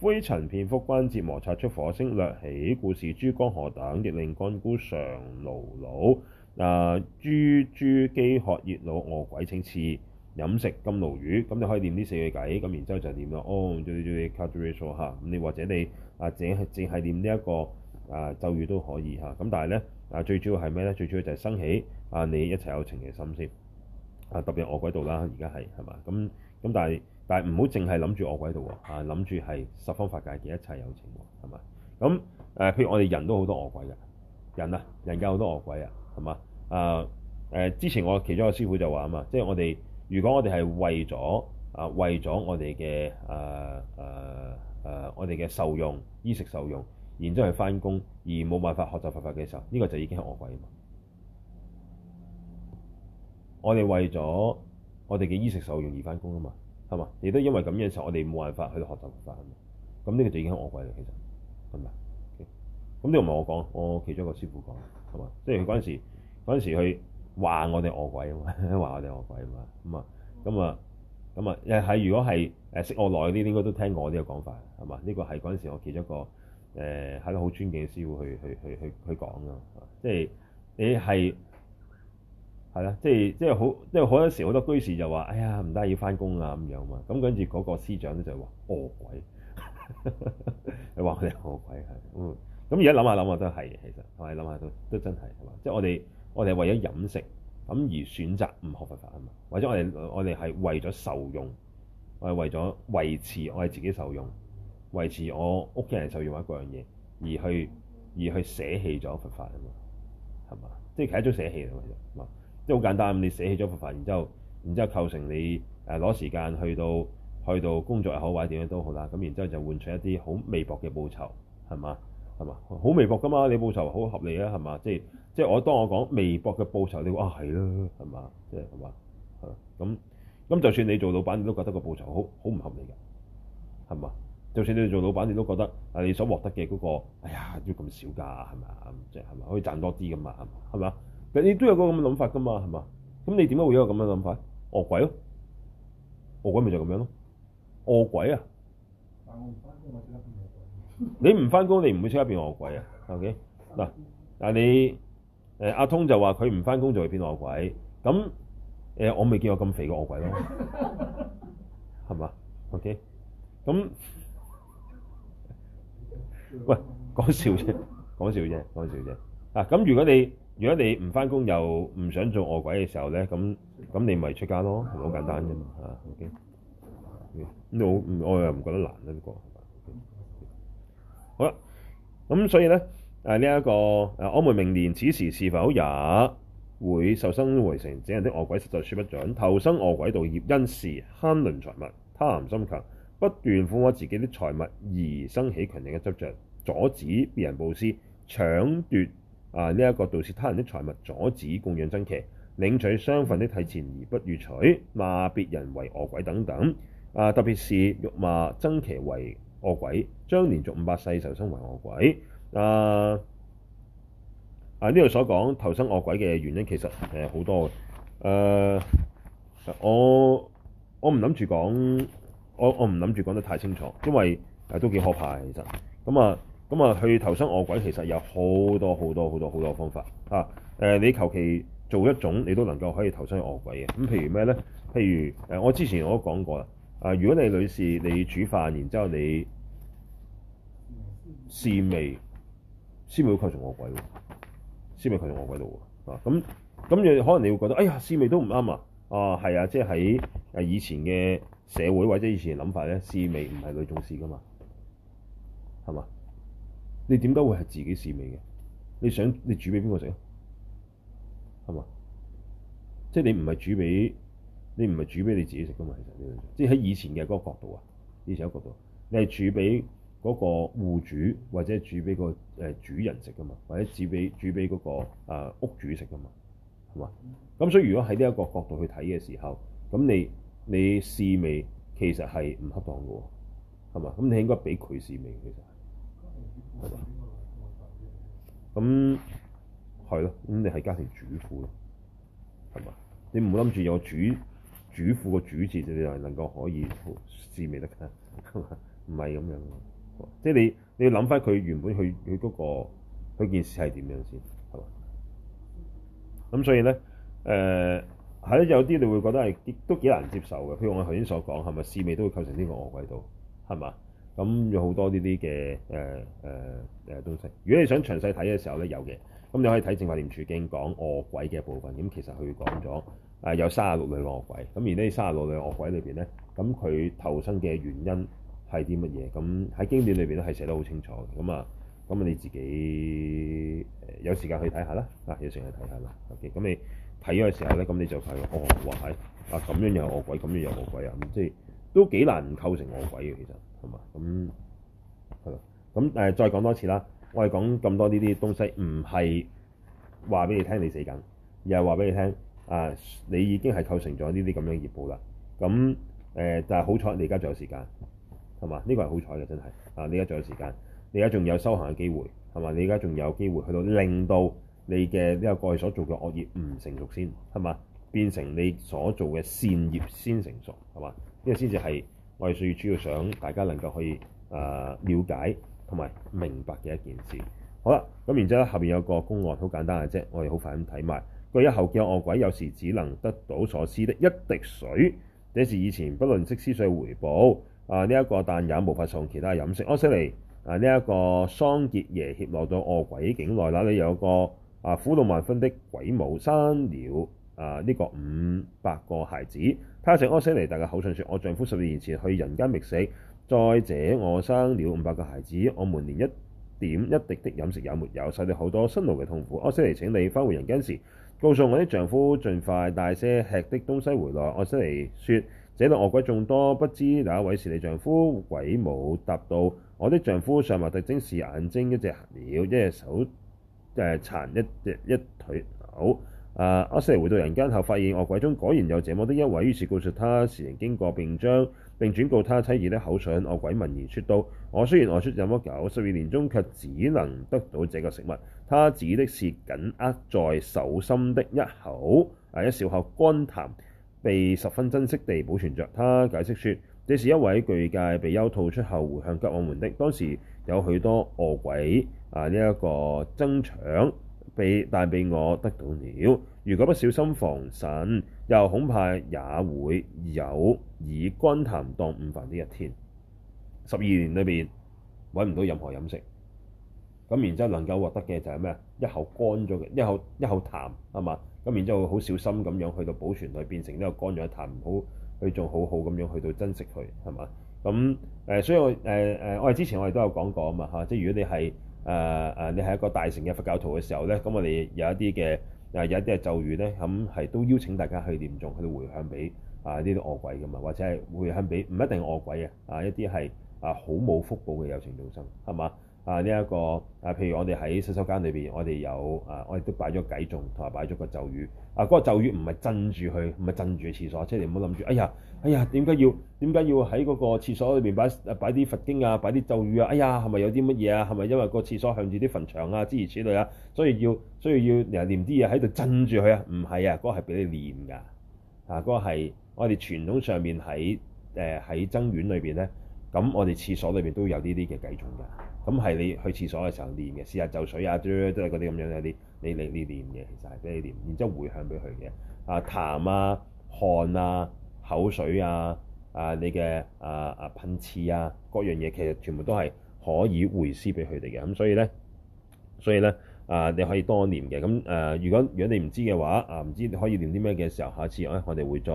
灰塵遍覆關節摩擦出火星，略起顧視諸江河等，亦令乾涸常勞倦。啊，諸飢渴熱惱，餓鬼請賜飲食甘露雨，咁你可以念呢四句偈，咁然之後就念啦。哦，c a t 咁你或者你、這個、啊，淨淨係念呢一個啊咒語都可以嚇。咁但係咧，啊，呢啊最主要係咩咧？最主要就係生起啊你一齊有情嘅心先。啊，特別餓鬼道啦，而家係係嘛？咁咁、嗯、但係。但係唔好淨係諗住餓鬼度喎，啊，諗住係十方法界嘅一切有情喎，係嘛？咁誒、呃，譬如我哋人都好多餓鬼嘅人啊，人間好多餓鬼啊，係嘛？啊、呃、誒，之前我其中一個師傅就話啊嘛，即係我哋如果我哋係為咗啊為咗我哋嘅誒誒誒我哋嘅受用衣食受用，然之後去翻工而冇辦法學習佛法嘅時候，呢、個就已經係餓鬼啊！我哋為咗我哋嘅衣食受用而翻工啊嘛～係嘛？你都因為咁嘅時候，我哋冇辦法去學習佛法啊嘛，咁呢個就已經係惡鬼喇，其實係咪？咁呢個唔係我講，我其中一個師傅講，係嘛？即係佢嗰陣時，嗰陣時佢話我哋惡鬼啊嘛，話我哋惡鬼啊嘛。咁啊，咁啊，咁啊，係如果係誒識我耐啲，應該都聽過我呢個講法，係嘛？呢、呢個係嗰陣時我其中一個誒係一個好尊敬師傅去去去去去講㗎，即係你係。係啦，即係即係好，即係好多時好多居士就話：哎呀，唔得要翻工啊咁樣嘛。咁跟住嗰個師長咧就話餓鬼，你 話我哋餓鬼係嗯。咁而家諗下諗下都係，其實同你諗下都都真係，即係我哋我哋為咗飲食咁而選擇唔學佛法啊嘛。或者我哋我哋係為咗受用，我係為咗維持我哋自己受用，維持我屋企人受用嗰樣嘢而去而去捨棄咗佛法啊嘛，係嘛？即係其一種捨棄嚟嘛。即係好簡單，你寫起咗份分，然之後，然之後構成你誒攞時間去到去到工作又好或者點樣都好啦，咁然之後就換取一啲好微薄嘅報酬，係嘛？係嘛？好微薄噶嘛。你報酬好合理啊，係嘛？即係即係我當我講微薄嘅報酬，你話啊係啦，係嘛？即係係嘛？嚇咁咁就算你做老闆，你都覺得個報酬好好唔合理嘅，係嘛？就算你做老闆，你都覺得啊你所獲得嘅嗰個，哎呀要咁少㗎，係嘛？即係係嘛？可以賺多啲㗎嘛？係嘛？你都有個咁嘅諗法噶嘛，係嘛？咁你點解會有個咁嘅諗法？餓鬼咯、啊，餓鬼咪就咁樣咯。餓鬼啊！你唔翻工，你唔會即刻變餓鬼啊。O K 嗱，但係你誒阿、啊、通就話佢唔翻工就會變餓鬼。咁誒、呃、我未見過咁肥嘅餓鬼咯、啊，係嘛？O K 咁喂，講笑啫，講笑啫，講笑啫。嗱、啊，咁如果你如果你唔翻工又唔想做餓鬼嘅時候咧，咁咁你咪出家咯，好簡單嘅嘛嚇。O.K. 呢、okay? 我，我又唔覺得難啦、啊、呢、這個。Okay? 好啦，咁所以咧誒呢一、啊這個誒、啊、我們明年此時是否也會受生為成這樣的餓鬼，實在説不準。投生餓鬼道業，業因是慳吝財物，貪婪心強，不斷撫摸自己啲財物，而生起強勁嘅執着，阻止別人佈施，搶奪。啊！呢、這、一個盜竊他人的財物，阻止供養僧伽，領取雙份的提錢而不予取，罵別人為餓鬼等等。啊！特別是辱罵僧伽為餓鬼，將連續五百世受生為餓鬼。啊啊！呢度所講投生餓鬼嘅原因其實誒好多嘅。誒我我唔諗住講，我我唔諗住講得太清楚，因為誒、啊、都幾可怕其實咁啊。咁啊，去投身餓鬼其實有好多好多好多好多方法嚇。誒、啊，你求其做一種，你都能夠可以投身餓鬼嘅。咁譬如咩咧？譬如誒，我之前我都講過啦。啊，如果你女士你煮飯，然之後你試味，試味都構成餓鬼喎，試味構成餓鬼度喎。啊，咁、啊、咁，你可能你會覺得，哎呀，試味都唔啱啊。啊，係啊，即係喺誒以前嘅社會或者以前嘅諗法咧，試味唔係女重視噶嘛，係嘛？你點解會係自己試味嘅？你想你煮俾邊個食啊？係嘛？即係你唔係煮俾你唔係煮俾你自己食噶嘛？其實呢樣嘢，即係喺以前嘅嗰個角度啊，以前嘅角度，你係煮俾嗰個戶主或者煮俾個誒主人食噶嘛，或者煮俾煮俾嗰個誒屋主食噶嘛，係嘛？咁所以如果喺呢一個角度去睇嘅時候，咁你你試味其實係唔恰當噶，係嘛？咁你應該俾佢試味其實。係嘛？咁係咯，咁你係家庭主婦咯，係嘛？你唔好諗住有主主婦個主字，你就能夠可以試味得噶？係嘛？唔係咁樣，即係你你要諗翻佢原本佢佢嗰個佢件事係點樣先，係嘛？咁所以咧，誒，係咧，有啲你會覺得係都幾難接受嘅。譬如我頭先所講，係咪試味都會構成呢個餓鬼道？係嘛？咁有好多呢啲嘅誒誒誒東西。如果你想詳細睇嘅時候咧，有嘅，咁你可以睇《正法念處經》講惡鬼嘅部分。咁其實佢講咗誒有三十六類惡鬼。咁而呢三十六類惡鬼裏邊咧，咁佢投生嘅原因係啲乜嘢？咁喺經典裏邊咧係寫得好清楚嘅。咁啊，咁啊你自己有時間去睇下啦。有時間睇下啦。O.K. 咁你睇嘅時候咧，咁你就睇哦，哇係啊，咁樣又惡鬼，咁樣又惡鬼啊，咁即係都幾難構成惡鬼嘅其實。係嘛？咁係咯。咁誒，再講多次啦。我哋講咁多呢啲東西，唔係話俾你聽你死緊，而係話俾你聽啊！你已經係構成咗呢啲咁樣業報啦。咁誒，但係好彩，你而家仲有時間，係嘛？呢個係好彩嘅，真係啊！你而家仲有時間，你而家仲有修行嘅機會，係嘛？你而家仲有機會去到令到你嘅呢個過去所做嘅惡業唔成熟先，係嘛？變成你所做嘅善業先成熟，係嘛？呢個先至係。我哋最主要想大家能夠可以啊、呃、了解同埋明白嘅一件事好，好啦，咁然之後咧，後邊有個公案，好簡單嘅啫，我哋好快咁睇埋。具喉結餓鬼，有時只能得到所施的一滴水，這是以前不吝施水所回報啊。呢、呃、一、這個但也無法送其他飲食。阿闍黎，啊、呃，呢、這個呃、一個桑傑耶協落到餓鬼境內嗱，你有個啊苦惱萬分的鬼母生了啊呢個五百個孩子。加上柯西尼，帶口信説：我丈夫十二年前去人間覓食，再者我生了五百個孩子，我們連一點一滴的飲食也沒有，受了好多辛勞嘅痛苦。柯西尼請你返回，回人間時，告訴我的丈夫盡快帶些吃的東西回來。柯西尼說，這裏惡鬼眾多，不知哪一位是你丈夫？鬼母答道。我的丈夫相貌特徵是眼睛一隻鳥，一隻手誒殘、呃，一隻一腿好。啊！阿闍黎回到人間後，發現餓鬼中果然有這麼的一位，於是告訴他事情經過並將並轉告他妻兒的口信。餓鬼聞言説道：我雖然外出這麼久，十二年中卻只能得到這個食物，他指的是緊握在手心的一口啊一小口乾痰，被十分珍惜地保存着。他解釋說：這是一位具戒比丘吐出後回向給我們的。當時有許多餓鬼啊呢一、這個爭搶。被帶俾我得到了，如果不小心防慎，又恐怕也會有以乾痰當午飯呢一天。十二年裏邊揾唔到任何飲食，咁然之後能夠獲得嘅就係咩啊？一口乾咗嘅一口一口痰係嘛？咁然之後好小心咁樣去到保存佢，變成呢個乾咗嘅痰，唔好去仲好好咁樣去到珍惜佢係嘛？咁誒、呃，所以我誒誒，我、呃、哋、呃、之前我哋都有講過啊嘛嚇，即係如果你係。誒誒，uh, 你係一個大乘嘅佛教徒嘅時候咧，咁我哋有一啲嘅啊，有一啲嘅咒語咧，咁係都邀請大家去念誦，去回向俾啊啲惡鬼噶嘛，或者係回向俾唔一定惡鬼嘅啊，一啲係啊好冇福報嘅有情眾生，係嘛？啊！呢一個啊，譬如我哋喺洗手間裏邊，我哋有啊，我哋都擺咗偈頌，同埋擺咗個咒語。啊，嗰個咒語唔係鎮住佢，唔係鎮住個廁所。即係你唔好諗住，哎呀，哎呀，點解要點解要喺嗰個廁所裏面擺啊擺啲佛經啊，擺啲咒語啊？哎呀，係咪有啲乜嘢啊？係咪因為個廁所向住啲墳場啊、諸如此類啊？所以要所以要誒唸啲嘢喺度鎮住佢啊？唔係啊，嗰個係俾你念噶。啊，嗰個係我哋傳統上面喺誒喺僧院裏邊咧。咁我哋廁所裏邊都有呢啲嘅計鐘㗎，咁係你去廁所嘅時候念嘅，試下就水啊，嘟都係嗰啲咁樣嘅，你你呢念嘅，其實係俾你念，然之後回向俾佢嘅。啊痰啊、汗啊、口水啊、啊你嘅啊啊噴嚏啊，各樣嘢其實全部都係可以回施俾佢哋嘅，咁所以咧，所以咧啊你可以多念嘅，咁、啊、誒如果如果你唔知嘅話，啊唔知你可以念啲咩嘅時候，下次我我哋會再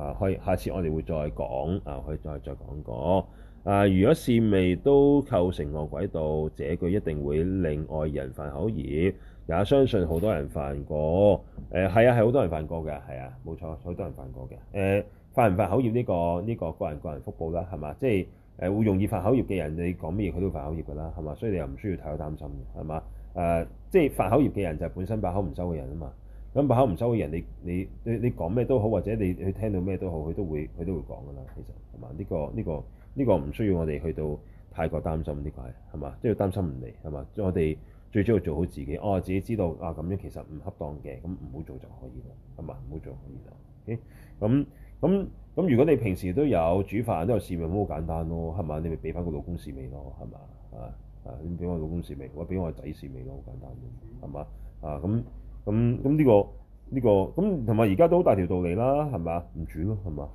啊可以，下次我哋會再講啊可以再再，再講過。啊！如果善未都構成餓鬼道，這句一定會令外人犯口業，也相信好多人犯過。誒、呃、係啊，係好多人犯過嘅，係啊，冇錯，好多人犯過嘅。誒、呃、犯唔犯口業呢、這個呢、這個、這個人個人福報啦，係嘛？即係誒會容易犯口業嘅人，你講咩佢都會犯口業㗎啦，係嘛？所以你又唔需要太多擔心嘅，係嘛？誒、呃、即係犯口業嘅人就本身把口唔收嘅人啊嘛。咁把口唔收嘅人，你你你你講咩都好，或者你佢聽到咩都好，佢都會佢都會講㗎啦。其實係嘛？呢個呢個。這個這個這個這個呢個唔需要我哋去到太過擔心，呢個係係嘛？即係擔心唔嚟係嘛？即係我哋最主要做好自己。哦，自己知道啊咁樣其實唔恰當嘅，咁唔好做就可以啦，係嘛？唔好做就可以啦。OK，咁咁咁，如果你平時都有煮飯都有試味，好簡單咯，係嘛？你咪俾翻個老公試味咯，係嘛？啊啊，你俾我老公試味，或者俾我仔試味咯，好簡單嘅，係嘛？啊咁咁咁呢個呢個咁同埋而家都好大條道理啦，係嘛？唔煮咯，係嘛。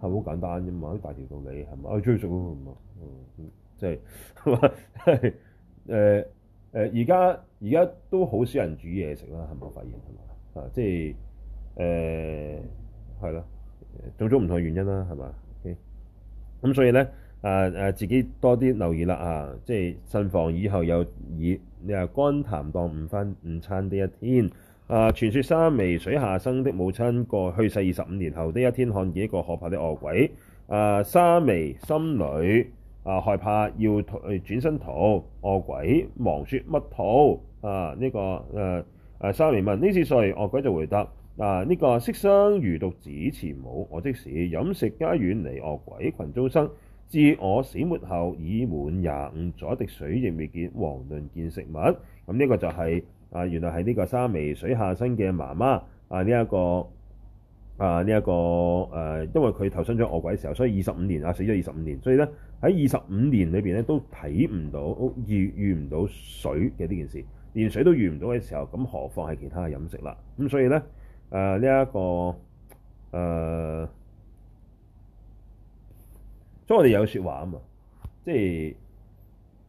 係好簡單啫嘛，啲大條道理係咪？我、哎、追食啊嘛，嗯，即係係嘛，誒誒，而家而家都好少人煮嘢食、呃、啦，係咪我發現係嘛，啊，即係誒係咯，做咗唔同嘅原因啦，係嘛，咁所以咧啊啊，自己多啲留意啦啊，即係慎防以後有以你話肝痰蕩唔翻午餐呢一天。啊！傳說沙眉水下生的母親，過去世二十五年後的一天，看見一個可怕的惡鬼。啊！沙眉心裏啊害怕要，要、呃、轉身逃。惡鬼忙說乜逃？啊！呢、這個誒誒、啊、沙眉問：呢是誰？惡鬼就回答：嗱、啊，呢、這個色生如毒子，慈母。我，即使飲食皆遠離惡鬼群，眾生。自我死沒後，已滿廿五，左一滴水亦未見，遑論見食物。咁、啊、呢、這個就係、是。啊！原來係呢個沙眉水下生嘅媽媽啊！呢、這、一個啊，呢、這、一個誒、啊，因為佢投生咗餓鬼嘅時候，所以二十五年啊，死咗二十五年，所以咧喺二十五年裏邊咧都睇唔到遇遇唔到水嘅呢件事，連水都遇唔到嘅時候，咁何況係其他嘅飲食啦？咁所以咧誒呢一個誒，所以我哋、啊這個啊、有説話啊嘛，即係誒、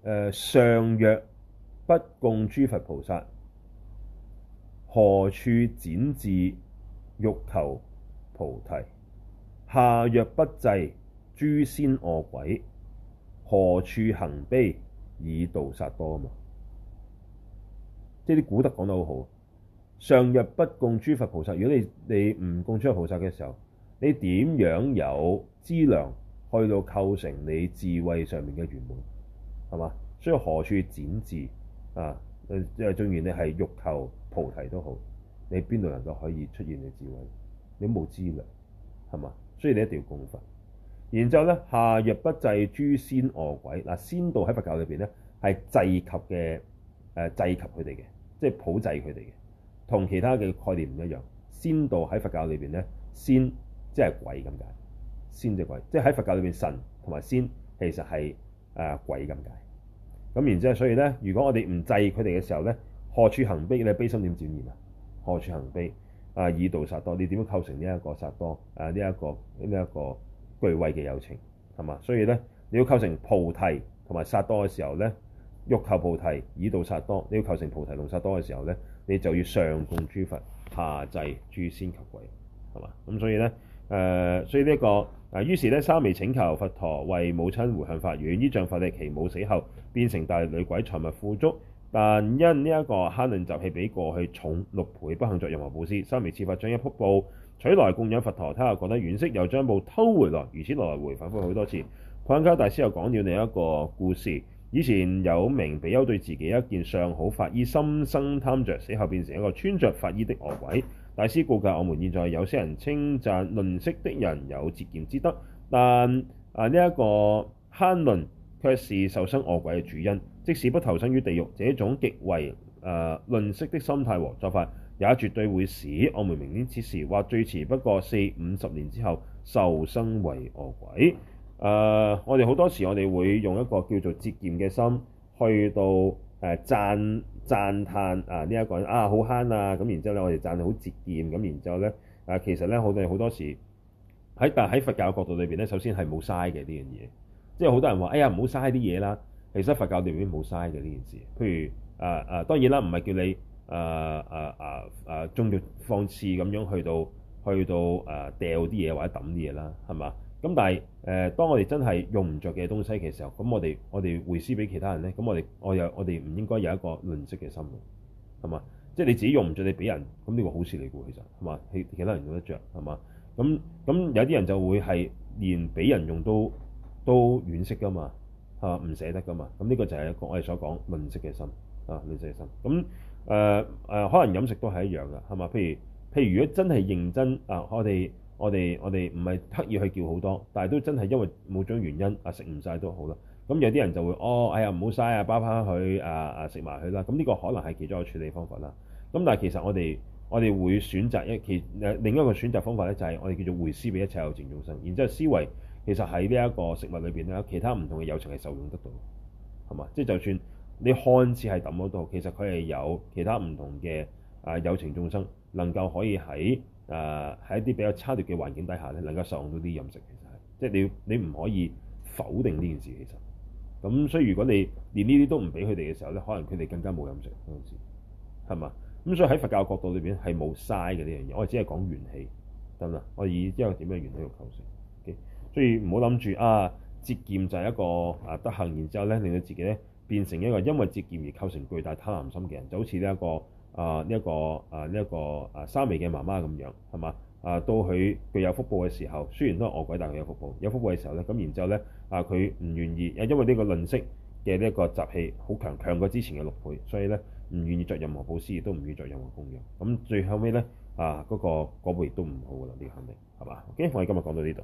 呃、上若不共諸佛菩薩」。何處剪字，欲求菩提？下若不濟諸仙惡鬼，何處行悲以道殺多啊？嘛，即係啲古德講得好好。上若不供諸佛菩薩，如果你你唔供諸佛菩薩嘅時候，你點樣有資糧去到構成你智慧上面嘅圓滿？係嘛？所以何處剪字啊？誒誒，縱然你係欲求。菩提都好，你邊度能夠可以出現你智慧？你冇資糧，係嘛？所以你一定要供佛。然之後咧，下若不祭諸仙餓鬼嗱，仙道喺佛教裏邊咧，係祭及嘅誒，祭、呃、及佢哋嘅，即係普祭佢哋嘅，同其他嘅概念唔一樣。仙道喺佛教裏邊咧，仙即係鬼咁解，仙即鬼，即係喺佛教裏邊神同埋仙其實係誒、呃、鬼咁解。咁然之後，所以咧，如果我哋唔祭佢哋嘅時候咧。何處行悲咧？悲心點展現啊？何處行悲啊？以道殺多，你點樣構成呢一個殺多？誒呢一個呢一個，這個貴位嘅友情係嘛？所以咧，你要構成菩提同埋殺多嘅時候咧，欲求菩提以道殺多，你要構成菩提同殺多嘅時候咧，你就要上供諸佛，下祭諸仙及鬼係嘛？咁所以咧，誒，所以呢一個，呃這個誒，於是咧，三味請求佛陀為母親回向法願，依仗佛力，其母死後變成大女鬼，財物富足。但因呢一個慳吝習氣比過去重六倍，不肯作任何布施，三味師法將一幅布取來供養佛陀，他又覺得惋惜，又將布偷回來，如此來回反覆好多次。帕繃喀大師又講了另一個故事：以前有名比丘對自己一件上好法衣心生貪着，死後變成一個穿着法衣的餓鬼。大師告誡我們：現在有些人稱讚吝惜的人有節儉之德，但啊呢一、這個慳吝卻是受生餓鬼嘅主因。即使不投身於地獄，這種極為誒吝惜的心態和作法，也絕對會使我們明年此時或最遲不過四五十年之後受生為餓鬼。誒、呃，我哋好多時，我哋會用一個叫做節儉嘅心去到誒、呃、讚讚嘆啊呢一個人啊好、啊、慳啊，咁然之後咧我哋讚好節儉，咁然之後咧啊其實咧好多好多時喺但喺佛教角度裏邊咧，首先係冇嘥嘅呢樣嘢，即係好多人話：哎呀，唔好嘥啲嘢啦。其實佛教裡面冇嘥嘅呢件事，譬如誒誒、啊啊，當然啦，唔係叫你誒誒誒誒，縱、啊、欲、啊啊、放肆咁樣去到去到誒、啊、掉啲嘢或者抌啲嘢啦，係嘛？咁但係誒、啊，當我哋真係用唔着嘅東西嘅時候，咁我哋我哋回施俾其他人咧，咁我哋我又我哋唔應該有一個吝惜嘅心㗎，係嘛？即係你自己用唔着，你俾人，咁呢個好事嚟㗎，其實係嘛？其他人用得着，係嘛？咁咁有啲人就會係連俾人用都都惋惜㗎嘛。啊，唔捨得噶嘛，咁、這、呢個就係一個我哋所講吝惜嘅心，啊吝惜嘅心。咁誒誒，可能飲食都係一樣噶，係嘛？譬如譬如，如果真係認真啊，我哋我哋我哋唔係刻意去叫好多，但係都真係因為某種原因啊，食唔晒都好啦。咁、嗯、有啲人就會哦，哎呀唔好嘥啊，包返佢啊啊，食埋佢啦。咁、嗯、呢、這個可能係其中一個處理方法啦。咁、啊、但係其實我哋我哋會選擇一其誒、啊、另一個選擇方法咧，就係我哋叫做回施俾一切有情眾生，然之後思維。其實喺呢一個食物裏邊咧，其他唔同嘅友情係受用得到，係嘛？即係就算你看似係抌咗度，其實佢係有其他唔同嘅啊友情眾生能夠可以喺啊喺一啲比較差劣嘅環境底下咧，能夠受用到啲飲食，其實係即係你你唔可以否定呢件事。其實咁，所以如果你連呢啲都唔俾佢哋嘅時候咧，可能佢哋更加冇飲食。嗰陣時係嘛？咁所以喺佛教角度裏邊係冇嘥嘅呢樣嘢。我哋只係講元氣得啦。我哋以即係點樣元氣去構成。所以唔好諗住啊，節儉就係一個啊德行，然之後咧令到自己咧變成一個因為節儉而構成巨大貪婪心嘅人就、這個，就好似呢一個啊呢一個啊呢一個啊三味嘅媽媽咁樣係嘛啊？這個啊這個啊 is, right? 到佢具有福報嘅時候，雖然都係餓鬼，但佢有福報。有福報嘅時候咧，咁然之後咧啊，佢唔願意，因為呢個吝嗇嘅呢一個習氣好強，強過之前嘅六倍，所以咧唔願意著任何布施，亦都唔願意做任何供養。咁最後尾咧啊，嗰個果報亦都唔好啦，呢個肯定係嘛？OK，我哋今日講到呢度。